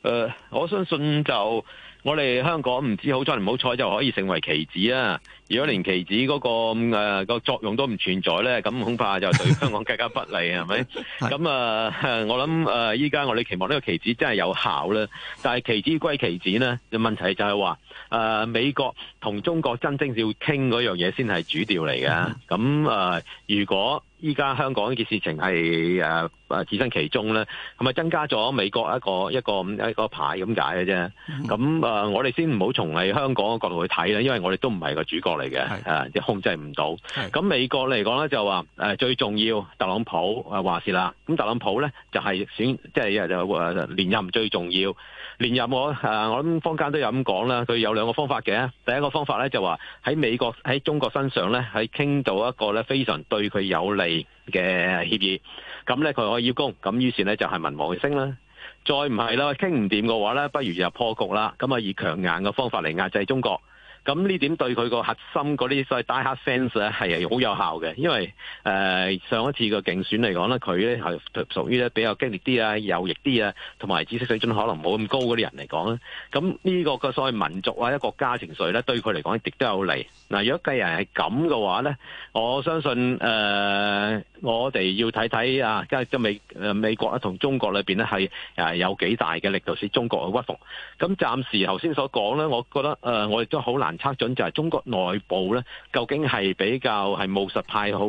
誒，uh, 我相信就。我哋香港唔知好彩唔好彩就可以成為棋子啊！如果連棋子嗰、嗰個誒個、呃、作用都唔存在咧，咁恐怕就對香港更加不利，係咪？ 咁啊、呃，我諗誒，依、呃、家我哋期望呢個棋子真係有效咧。但係棋子歸棋子咧，問題就係話誒，美國同中國真正要傾嗰樣嘢，先係主調嚟嘅。咁、呃、啊，如果，依家香港呢件事情係誒誒置身其中咧，咁啊增加咗美國一個一個一個牌咁解嘅啫。咁誒、 呃，我哋先唔好從你香港嘅角度去睇啦，因為我哋都唔係個主角嚟嘅，誒即係控制唔到。咁是美國嚟講咧就話誒、呃、最重要，特朗普誒、呃、話事啦。咁特朗普咧就係、是、選即係就誒、是、連任最重要。連任我誒，我諗坊間都有咁講啦。佢有兩個方法嘅，第一個方法咧就話喺美國喺中國身上咧，係傾到一個咧非常對佢有利嘅協議，咁咧佢可以邀功。咁於是咧就係民望升啦。再唔係啦，傾唔掂嘅話咧，不如就破局啦，咁啊以強硬嘅方法嚟壓制中國。咁呢點對佢個核心嗰啲所謂 Die Hard fans 咧係好有效嘅，因為誒、呃、上一次個競選嚟講咧，佢咧係屬於咧比較激烈啲啊、右翼啲啊，同埋知識水準可能冇咁高嗰啲人嚟講咧。咁呢個個所謂民族啊、一個家情緒咧，對佢嚟講亦都有利。嗱、呃，如果計人係咁嘅話咧，我相信誒、呃、我哋要睇睇啊，即係即係美、呃、美國啊同中國裏邊咧係誒有幾大嘅力度使中國去屈服。咁暫時頭先所講咧，我覺得誒、呃、我亦都好難。測準就係中國內部咧，究竟係比較係務實派好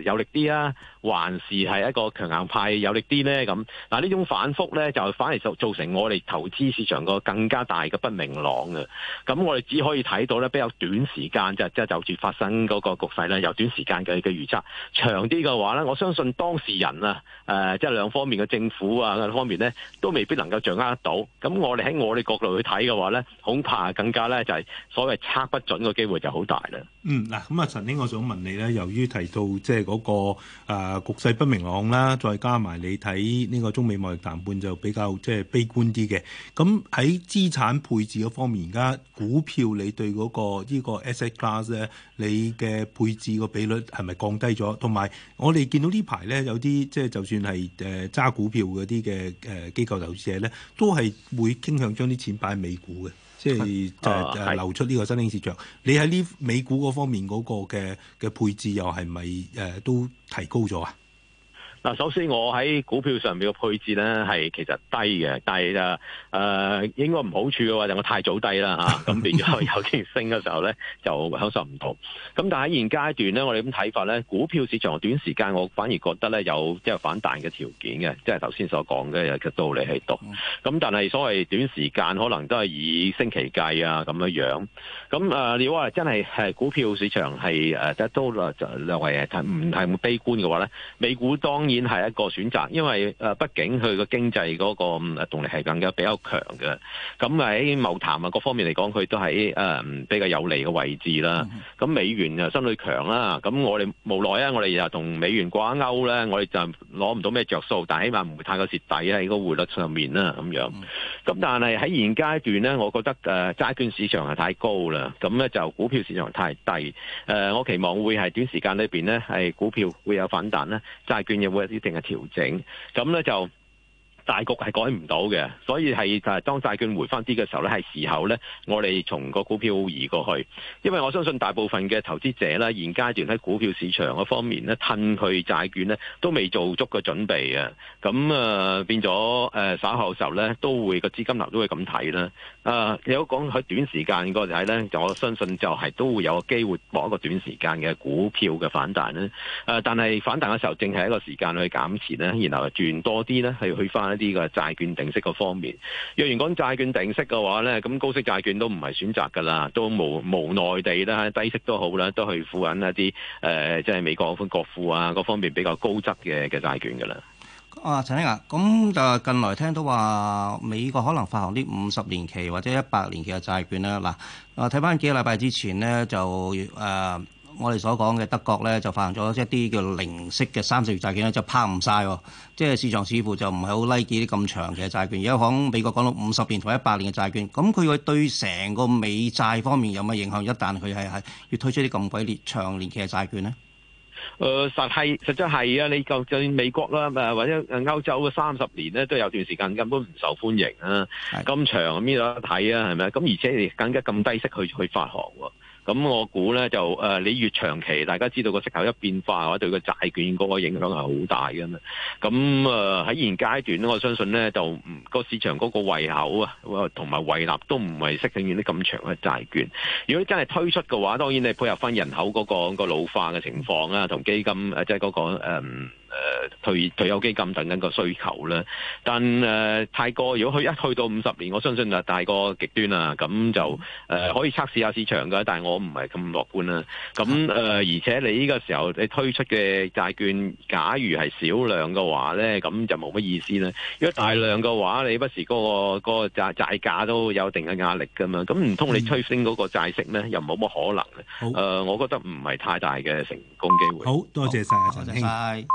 有力啲啊，還是係一個強硬派有力啲呢？咁嗱，呢種反覆咧，就反而就造成我哋投資市場個更加大嘅不明朗嘅。咁我哋只可以睇到咧，比較短時間就即係就住發生嗰個局勢咧，由短時間嘅嘅預測，長啲嘅話咧，我相信當事人啊，誒、呃，即係兩方面嘅政府啊方面咧，都未必能夠掌握得到。咁我哋喺我哋角度去睇嘅話咧，恐怕更加咧就係所謂。卡不準個機會就好大啦。嗯，嗱，咁啊，陳總，我想問你咧，由於提到即係嗰個、呃、局勢不明朗啦，再加埋你睇呢個中美貿易談判就比較即係、就是、悲觀啲嘅。咁喺資產配置嗰方面，而家股票你對嗰個、呢個 asset class 咧，你嘅配置個比率係咪降低咗？同埋我哋見到呢排咧，有啲即係就算係誒揸股票嗰啲嘅誒機構投資者咧，都係會傾向將啲錢擺喺美股嘅。即係就誒流出呢個新興市場，是你喺呢美股嗰方面嗰個嘅嘅配置又係咪誒都提高咗啊？嗱，首先我喺股票上面嘅配置咧，係其實低嘅，但係就誒應該唔好處嘅話就我太早低啦，吓，咁變咗有啲升嘅時候咧就享受唔到。咁但係喺現階段咧，我哋咁睇法咧，股票市場短時間我反而覺得咧有即係反彈嘅條件嘅，即係頭先所講嘅有嘅道理喺度。咁但係所謂短時間可能都係以星期計啊咁樣樣。咁誒，你話真係係股票市場係誒都咧兩位唔係咁悲觀嘅話咧，美股當然。係一個選擇，因為誒，畢竟佢個經濟嗰個動力係更加比較強嘅。咁喺貿談啊各方面嚟講，佢都係誒比較有利嘅位置啦。咁美元就相對強啦，咁我哋無奈啊，我哋又同美元掛鈎咧，我哋就攞唔到咩着數，但係起碼唔會太過蝕底喺個匯率上面啦咁樣。咁但係喺現階段咧，我覺得誒債券市場係太高啦，咁咧就股票市場太低。誒，我期望會係短時間裏邊咧係股票會有反彈咧，債券又會。有啲定嘅調整，咁咧就大局係改唔到嘅，所以係但係，當債券回翻啲嘅時候咧，係時候咧，我哋從個股票移過去，因為我相信大部分嘅投資者咧，現階段喺股票市場嗰方面咧，褪去債券咧，都未做足個準備啊，咁啊、呃、變咗誒稍後時候咧，都會個資金流都會咁睇啦。誒有講喺短時間個仔咧，就我相信就係都會有機會獲一個短時間嘅股票嘅反彈咧。誒、啊，但係反彈嘅時候，淨係一個時間去減持咧，然後轉多啲咧，係去翻一啲嘅債券定息個方面。若然講債券定息嘅話咧，咁高息債券都唔係選擇噶啦，都無無奈地啦，低息都好啦，都去付緊一啲誒、呃，即係美國嗰款國庫啊，各方面比較高質嘅嘅債券噶啦。啊，陳生啊，咁就近來聽到話美國可能發行啲五十年期或者一百年期嘅債券啦。嗱，啊睇翻幾個禮拜之前咧就誒、啊，我哋所講嘅德國咧就發行咗一啲叫零息嘅三十月債券咧，就拋唔晒喎，即係市場似乎就唔係好 like 啲咁長嘅債券。而家講美國講到五十年同一百年嘅債券，咁佢會對成個美債方面有乜影響？一旦佢係係要推出啲咁鬼烈長年期嘅債券咧？誒實係，實質係啊！你就就算美國啦，誒或者誒歐洲嘅三十年咧，都有段時間根本唔受歡迎啊！咁長啊邊度得睇啊？係咪？咁而且你更加咁低息去去發行喎。咁我估呢，就誒，你、呃、越長期，大家知道個息口一變化嘅話，或者對個債券嗰個影響係好大嘅嘛。咁啊喺現階段我相信呢，就個市場嗰個胃口啊，同埋胃納都唔係適應啲咁長嘅債券。如果真係推出嘅話，當然你配合翻人口嗰、嗰個嗰個老化嘅情況啦，同基金即係嗰個、呃誒、呃，退退休基金等等個需求咧，但誒太過，如果一去一去到五十年，我相信就太過極端啦，咁就誒、呃、可以測試下市場噶，但係我唔係咁樂觀啦。咁誒、呃，而且你呢個時候你推出嘅債券，假如係少量嘅話咧，咁就冇乜意思啦。如果大量嘅話，你不時嗰、那個嗰、那個債債價都有一定嘅壓力噶嘛，咁唔通你催升嗰個債息咧，又冇乜可能咧。誒、嗯呃，我覺得唔係太大嘅成功機會。好多謝晒陳兄。